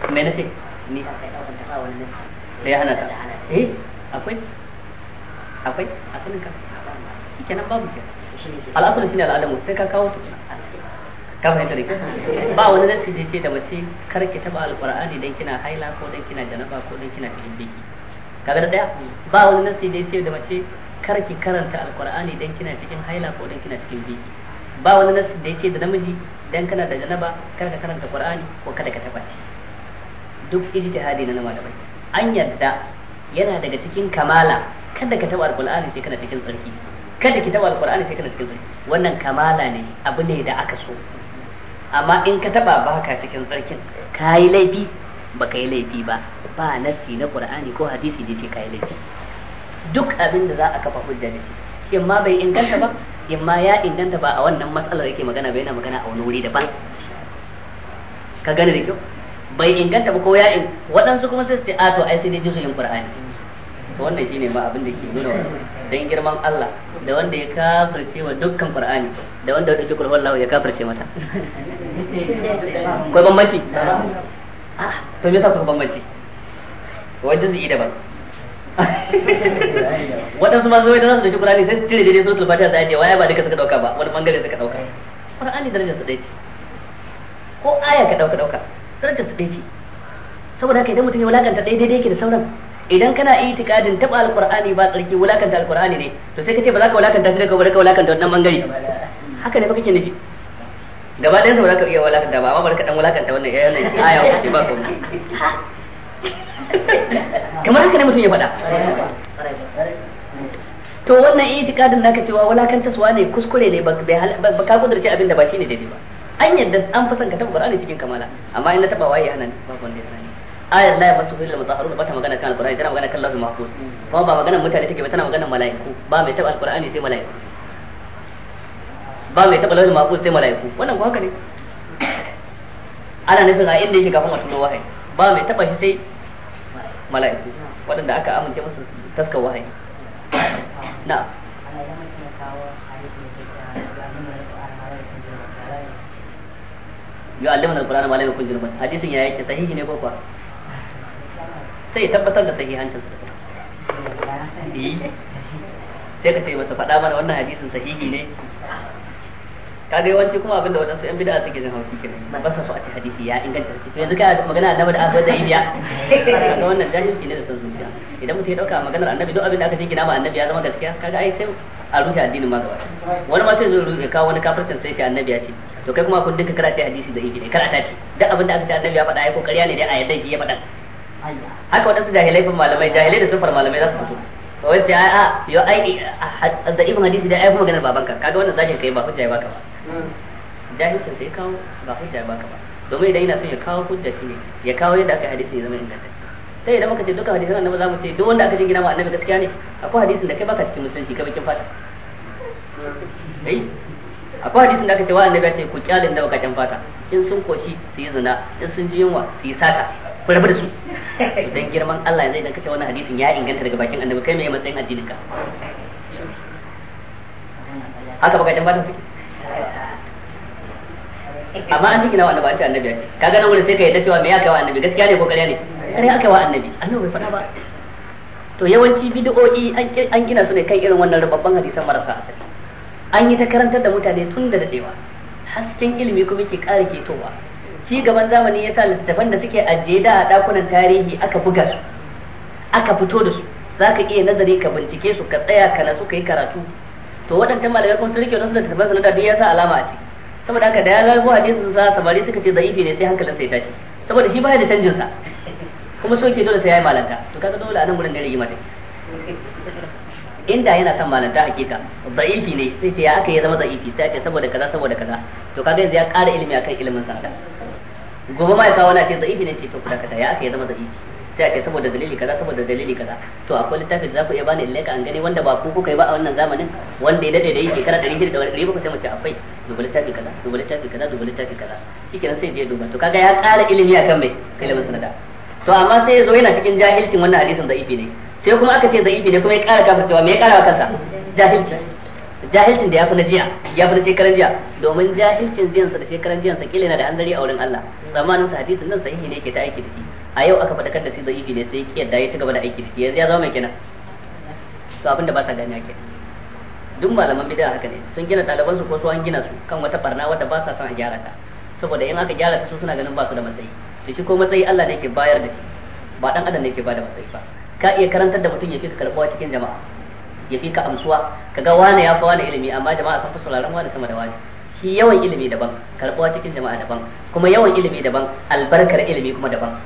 me nace ni da ya hana ta eh akwai akwai a sanin ka shikenan babu kenan shi shine al'adamu sai ka kawo tukuna ka fahimta da ba wani nasi da ce da mace kar ki taba alqur'ani dan kina haila ko dan kina janaba ko dan kina cikin biki kaga da daya ba wani nasi da ce da mace kar ki karanta alqur'ani dan kina cikin haila ko dan kina cikin biki ba wani nasi da ce da namiji dan kana da janaba kar ka karanta qur'ani ko kada ka taba shi duk ijtihadi na malamai an yadda yana daga cikin kamala kada ka taba alqur'ani sai kana cikin tsarki kada ki taba alqur'ani sai kana cikin tsarki wannan kamala ne abu ne da aka so amma in ka taba ba ka cikin tsarkin kai laifi ba ka yi laifi ba ba nasi na qur'ani ko hadisi da yake kai laifi duk abin da za a kafa hujja da shi in ma bai inganta ba in ma ya inganta ba a wannan matsalar yake magana ba yana magana a wani wuri daban ka gane da kyau bai inganta ba ko ya in waɗansu kuma sai su ce a to ai sai dai yin qur'ani to wannan shine ma abin da ke nuna wannan dan girman Allah da wanda ya kafirce wa dukkan Qur'ani da wanda ya dauki Qur'an ya kafirce mata akwai bambanci ah, to me yasa kuka bambanci wajen zai ba waɗansu ma zai da su dauki Qur'ani sai cire daidai suratul Fatiha sai aje waya ba duka suka dauka ba wani bangare suka dauka Qur'ani darajar su daici ko aya ka dauka dauka darajar su daici saboda haka idan mutum ya wulakanta daidai da yake da sauran idan kana itikadin taba alqur'ani ba tsarki wulakanta alqur'ani ne to sai ka ce ba za ka wulakanta sai ka ba ka wulakanta wannan bangare haka ne ba kake nufi gaba ɗayan sa ba za ka iya wulakanta ba amma ba ka dan wulakanta wannan yayin eh, nan aya ce ba ko kamar haka ne mutum ya faɗa to wannan itikadin naka cewa suwa ne kuskure ne ba ka kudurce abin da ba shine daidai ba an yadda an fasan ka taɓa qur'ani cikin kamala amma in na taɓa waye anan ba wanda ya sani ayar la yamassuhu illa mutahharun ba bata magana kan alqur'ani tana magana kan lawhul mahfuz kuma ba magana mutane take ba tana magana mala'iku ba mai taba alqur'ani sai mala'iku ba mai taba lawhul mahfuz sai mala'iku wannan ko haka ne ana nufin a inda yake kafin a tulo wahayi ba mai taba shi sai mala'iku waɗanda aka amince musu taskar wahayi Na. yu'allimuna alqur'ana ma lam yakun jurman hadisin ya yake sahihi ne ko kuwa sai ya tabbatar da sahihancin sa eh. sai ka ce masa faɗa mana wannan hadisin sahihi ne ka ga yawanci kuma abinda waɗansu yan bid'a suke jin haushi kenan ba su so a ce hadisi ya inganta shi to yanzu kana magana annabi da aka da ibiya kaga wannan jahilci ne da san zuciya idan mutum ya dauka maganar annabi duk abinda aka ce gina ma annabi ya zama gaskiya kaga ai sai a rushe addinin ma gaba wani ma sai zo ya kawo wani kafircin sai ce annabi ya ce to kai kuma kun duka karace hadisi da ibiya kar a duk abinda aka ce annabi ya faɗa ai kokariya ne dai a yadda shi ya faɗa haka waɗansu jahilai fa malamai jahilai da sufar malamai za su mutu kawai sai a yo ai eh, da ibn hadisi da ai kuma ganin babanka kaga wannan zakin kai ba hujja ba ka hmm. ba jahilcin sai kawo ba hujja ba ka ba domin idan ina son ya kawo hujja shine ya kawo yadda aka hadisi ya zama ingantacce sai idan muka ce dukkan hadisan annabi za mu ce duk wanda aka jingina ma annabi gaskiya ne akwai hadisin da kai baka cikin musulunci ka bakin fata hmm. eh akwai hadisin da aka ce wa annabi ya ce ku kyalin da baka fata in sun koshi su yi zina in sun ji yunwa su yi sata ku rabu da su idan girman Allah yanzu idan kace wannan hadisin ya inganta daga bakin annabi kai mai matsayin addinin ka haka baka jan fatan suke amma an jikina wa annabi an ce annabi yake kaga nan wurin sai ka yadda cewa me ya kai wa annabi gaskiya ne ko kare ne kare aka wa annabi annabi bai faɗa ba to yawanci bid'o'i an gina su ne kan irin wannan rubabban hadisan marasa asali an yi ta karantar da mutane tun da dadewa hasken ilimi kuma ke ƙara ketowa ci gaban zamani sa littattafan da suke ajiye da a ɗakunan tarihi aka buga su aka fito da su za ka iya nazari ka bincike su ka tsaya ka nasu ka yi karatu to waɗancan malamai kuma sun rike wasu littattafan su na da ya sa alama a ci saboda haka da ya zama hadisin sa samari suka ce zai ne sai hankalin sai tashi saboda shi baya da canjin sa kuma so ke dole sai ya yi malanta to kaga dole a nan gurin da yi mata inda yana son malanta hakika da'ifi ne sai ce ya aka ya zama da'ifi sai ce saboda kaza saboda kaza to kaga yanzu ya ƙara ilimi akan ilimin sa gobe ma ya kawo na ce da'ifi ne ce to kuda kaza ya aka ya zama da'ifi sai ce saboda dalili kaza saboda dalili kaza to akwai littafin za ku iya bani illai ka an gani wanda ba ku kuka yi ba a wannan zamanin wanda ya dade da yake kana 100 da 100 sai mu ce akwai dubu littafi kaza dubu littafi kaza dubu littafi kaza shikenan sai je duba to kaga ya ƙara ilimi akan mai ilimin sanada to amma sai ya zo yana cikin jahilcin wannan hadisin da'ifi ne sai kuma aka ce da'ifi ne kuma ya ƙara kafa cewa me ya ƙara wa kansa jahilci jahilcin da ya fi na jiya ya fi na shekaran jiya domin jahilcin jiyansa da shekaran jiyansa kila yana da zari a wurin Allah Tsammanin sa hadisin nan sahihi ne yake ta aiki da shi a yau aka faɗakar da shi da'ifi ne sai kiyar da ya ci gaba da aiki da shi yanzu ya zama mai kenan to abin da ba sa gani ake. duk malaman bid'a haka ne sun gina ɗaliban su ko su an gina su kan wata barna wata ba sa son a gyara ta saboda in aka gyara ta su suna ganin ba su da matsayi to shi ko matsayi Allah ne ke bayar da shi ba dan adam ne ke da matsayi ba ka iya karantar da mutum ya fi ka karbuwa cikin jama'a ya fi ka amsuwa kaga wane ya fi wane ilimi amma jama'a sun fi sauraron wane sama da wane shi yawan ilimi daban karbuwa cikin jama'a daban kuma yawan ilimi daban albarkar ilimi kuma daban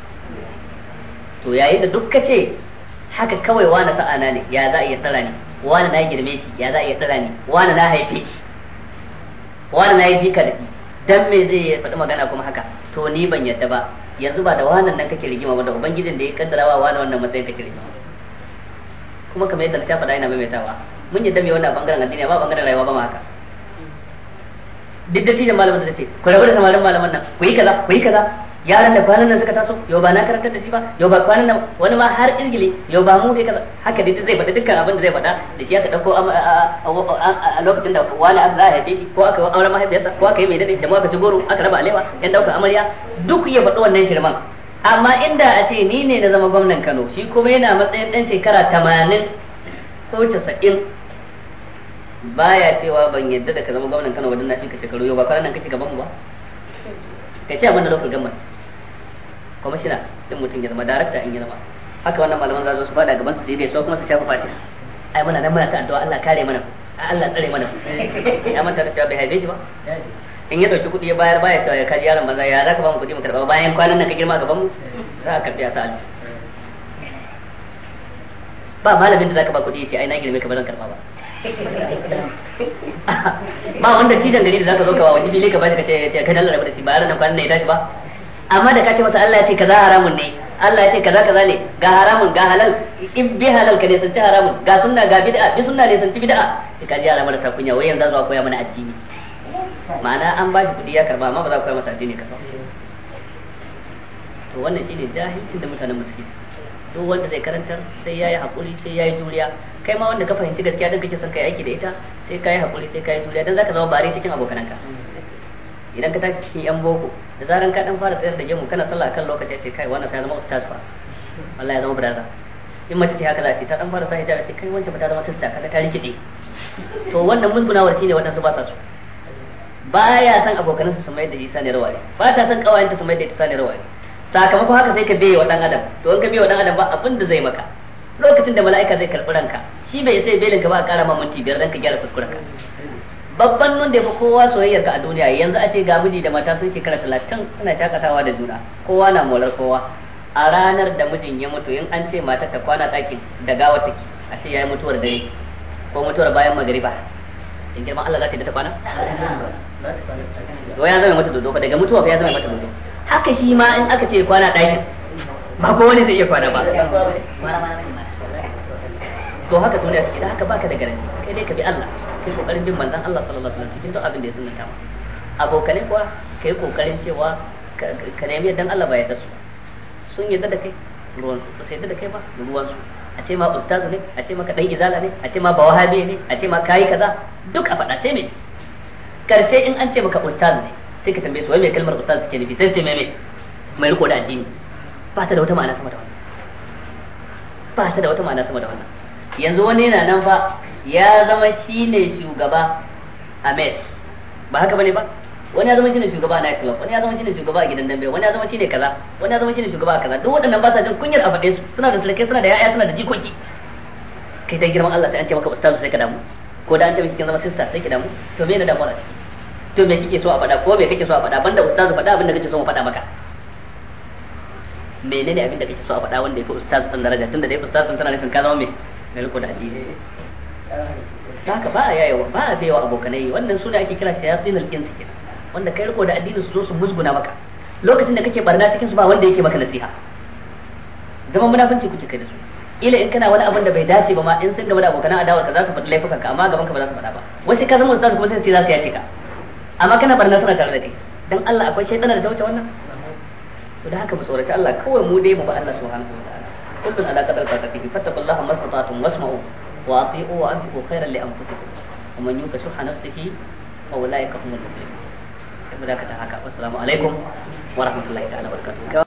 to yayin da duk kace haka kawai wane sa'ana ne ya za a iya tsara ni wane na girme shi ya za a iya tsara ni wane na haife shi wane na yi jika da shi dan me zai faɗi magana kuma haka to ni ban yadda ba yanzu ba da wannan nan kake rigima ba da ubangijin da ya kaddara wa wannan wannan matsayin kake rigima kuma kamar yadda na sha faɗa ina maimaitawa mun yadda mai wannan bangaren addini ba bangaren rayuwa ba ma haka duk da malamin da ce ku rabu da samarin malaman nan ku yi kaza ku yi kaza yaran da kwanan nan suka taso yau ba na karantar da shi ba yau ba kwanan nan wani ma har ingili yau ba mu kai kaza haka dai zai faɗa dukkan abin da zai faɗa da shi aka ɗauko a lokacin da wani an za a haife shi ko aka yi auren mahaifiyarsa ko aka yi mai daɗi da mu aka ci goro aka raba alewa yan ɗauka amarya duk ya faɗi wannan shirman amma inda a ce ni ne na zama gwamnan Kano shi kuma yana matsayin ɗan shekara tamanin ko casa'in baya cewa ban yadda da ka zama gwamnan Kano wajen na fi ka shekaru yau ba kwanan nan kake gaban mu ba ka ce abin da local Komishina din mutum ya zama darakta in girma haka wannan malaman za su fada gaban su sai dai so kuma su shafa fatiha ai muna nan muna ta addu'a Allah kare mana Allah tsare mana ya manta da cewa bai haife shi ba in ya dauki kudi ya bayar baya cewa ya kaji yaron banza ya zaka ba mu kudi mu karba bayan kwanan nan ka girma gaban mu za ka karbi asa ba malamin da zaka ba kudi yace ai na girme ka ba zan karba ba ba wanda da gari da zaka zo ka wajibi ne ka bashi ka ce ka dalla da shi ba yaron nan kwanan nan ya tashi ba amma da ka ce masa Allah ya ce kaza haramun ne Allah ya ce kaza kaza ne ga haramun ga halal in bi halal ka ne sanci haramun ga sunna ga bid'a bi sunna ne sanci bid'a sai ka ji yara marasa kunya wai yanzu zuwa koya mana addini ma'ana an bashi kuɗi ya karba amma ba za ku koya masa addini ka to wannan shine jahilcin da mutanen mu suke duk wanda zai karantar sai yayi hakuri sai yayi juriya kai ma wanda ka fahimci gaskiya dan kake son kai aiki da ita sai kai hakuri sai kai juriya dan zaka zama bare cikin abokananka idan ka tashi cikin yan boko da zaran ka dan fara tsayar da gemu kana sallah kan lokaci ce kai wannan ka zama ustaz fa wallahi ya zama brother in mace ce haka za ta dan fara sa hijabi ce kai wancan ba ta zama sister kaga ta rikide to wannan musgunawar shine waɗansu ba sa su baya san abokanansa su mai da isa ne rawaye ba ta san kawayenta su mai da isa ne rawaye sakamakon haka sai ka biye wa dan adam to in ka biye wa dan adam ba abin da zai maka lokacin da mala'ika zai karbi ranka shi bai sai belin ka ba a ƙara ma minti biyar dan ka gyara kuskuren ka babban nun da ya fi kowa soyayyar ka a duniya yanzu a ce ga miji da mata sun shekara talatin suna shakatawa da juna kowa na molar kowa a ranar da mijin ya mutu in an ce mata ta kwana ɗakin da gawa take a ce ya yi mutuwar dare ko mutuwar bayan magariba in girma Allah za ta yi da ta kwana? to ya zama mata dodo fa daga mutuwa fa ya zama mata dodo haka shi ma in aka ce kwana ɗakin ba ne zai iya kwana ba to haka duniya take da haka baka da garanti kai dai ka bi Allah kai kokarin bin manzon Allah sallallahu alaihi wasallam cikin duk abin da ya sunnata ma abokane kuwa kai kokarin cewa ka nemi dan Allah ba ya da sun yadda da kai ruwan su sai yadda da kai ba ruwan su a ce ma ustazu ne a ce maka dan izala ne a ce ma bawahabi ne a ce ma kai kaza duk a faɗa sai me karshe in an ce maka ustazu ne sai ka tambaye su wai me kalmar ustazu suke nufi sai ce me me mai riko da addini ba ta da wata ma'ana sama da wannan ba ta da wata ma'ana sama da wannan yanzu wani yana nan fa ya zama shine shugaba a mes ba haka bane ba wani ya zama shine shugaba a night club wani ya zama shine shugaba a gidan dambe wani ya zama shine kaza wani ya zama shine shugaba a kaza duk waɗannan ba sa jin kunyar a faɗe su suna da sulke suna da ya'ya suna da jikoki kai ta girman Allah sai an ce maka ustazu sai ka damu ko da an ce maka kin zama sister sai ki damu to me ne damuwa a ciki to me kike so a faɗa ko me kake so a faɗa banda ustazu faɗa abin da kake so mu faɗa maka menene abin da kake so a faɗa wanda fi ustaz din daraja tunda dai ustaz din tana nufin ka zama me na riko da addini haka ba a yayawa ba a baiwa abokanai wannan suna ake kira shayatin al-insi kenan wanda kai riko da addini su zo su musguna maka lokacin da kake barna cikin su ba wanda yake maka nasiha zama munafanci kuke kai da su ila in kana wani abin da bai dace ba ma in sun gaba da abokan adawar ka za su faɗi laifukan ka amma gaban ka ba za su faɗa ba wasu ka zama ustazu kuma sai za su yace ka amma kana barna suna tare da kai dan Allah akwai shaytanar da ta wuce wannan to da haka mu tsoraci Allah kawai mu dai mu ba Allah subhanahu wa ta'ala كل على قدر طاقته فاتقوا الله ما استطعتم واسمعوا واطيعوا وانفقوا خيرا لانفسكم ومن يوق شح نفسه فاولئك هم المفلحون saboda haka ta haka assalamu alaikum wa rahmatullahi ta'ala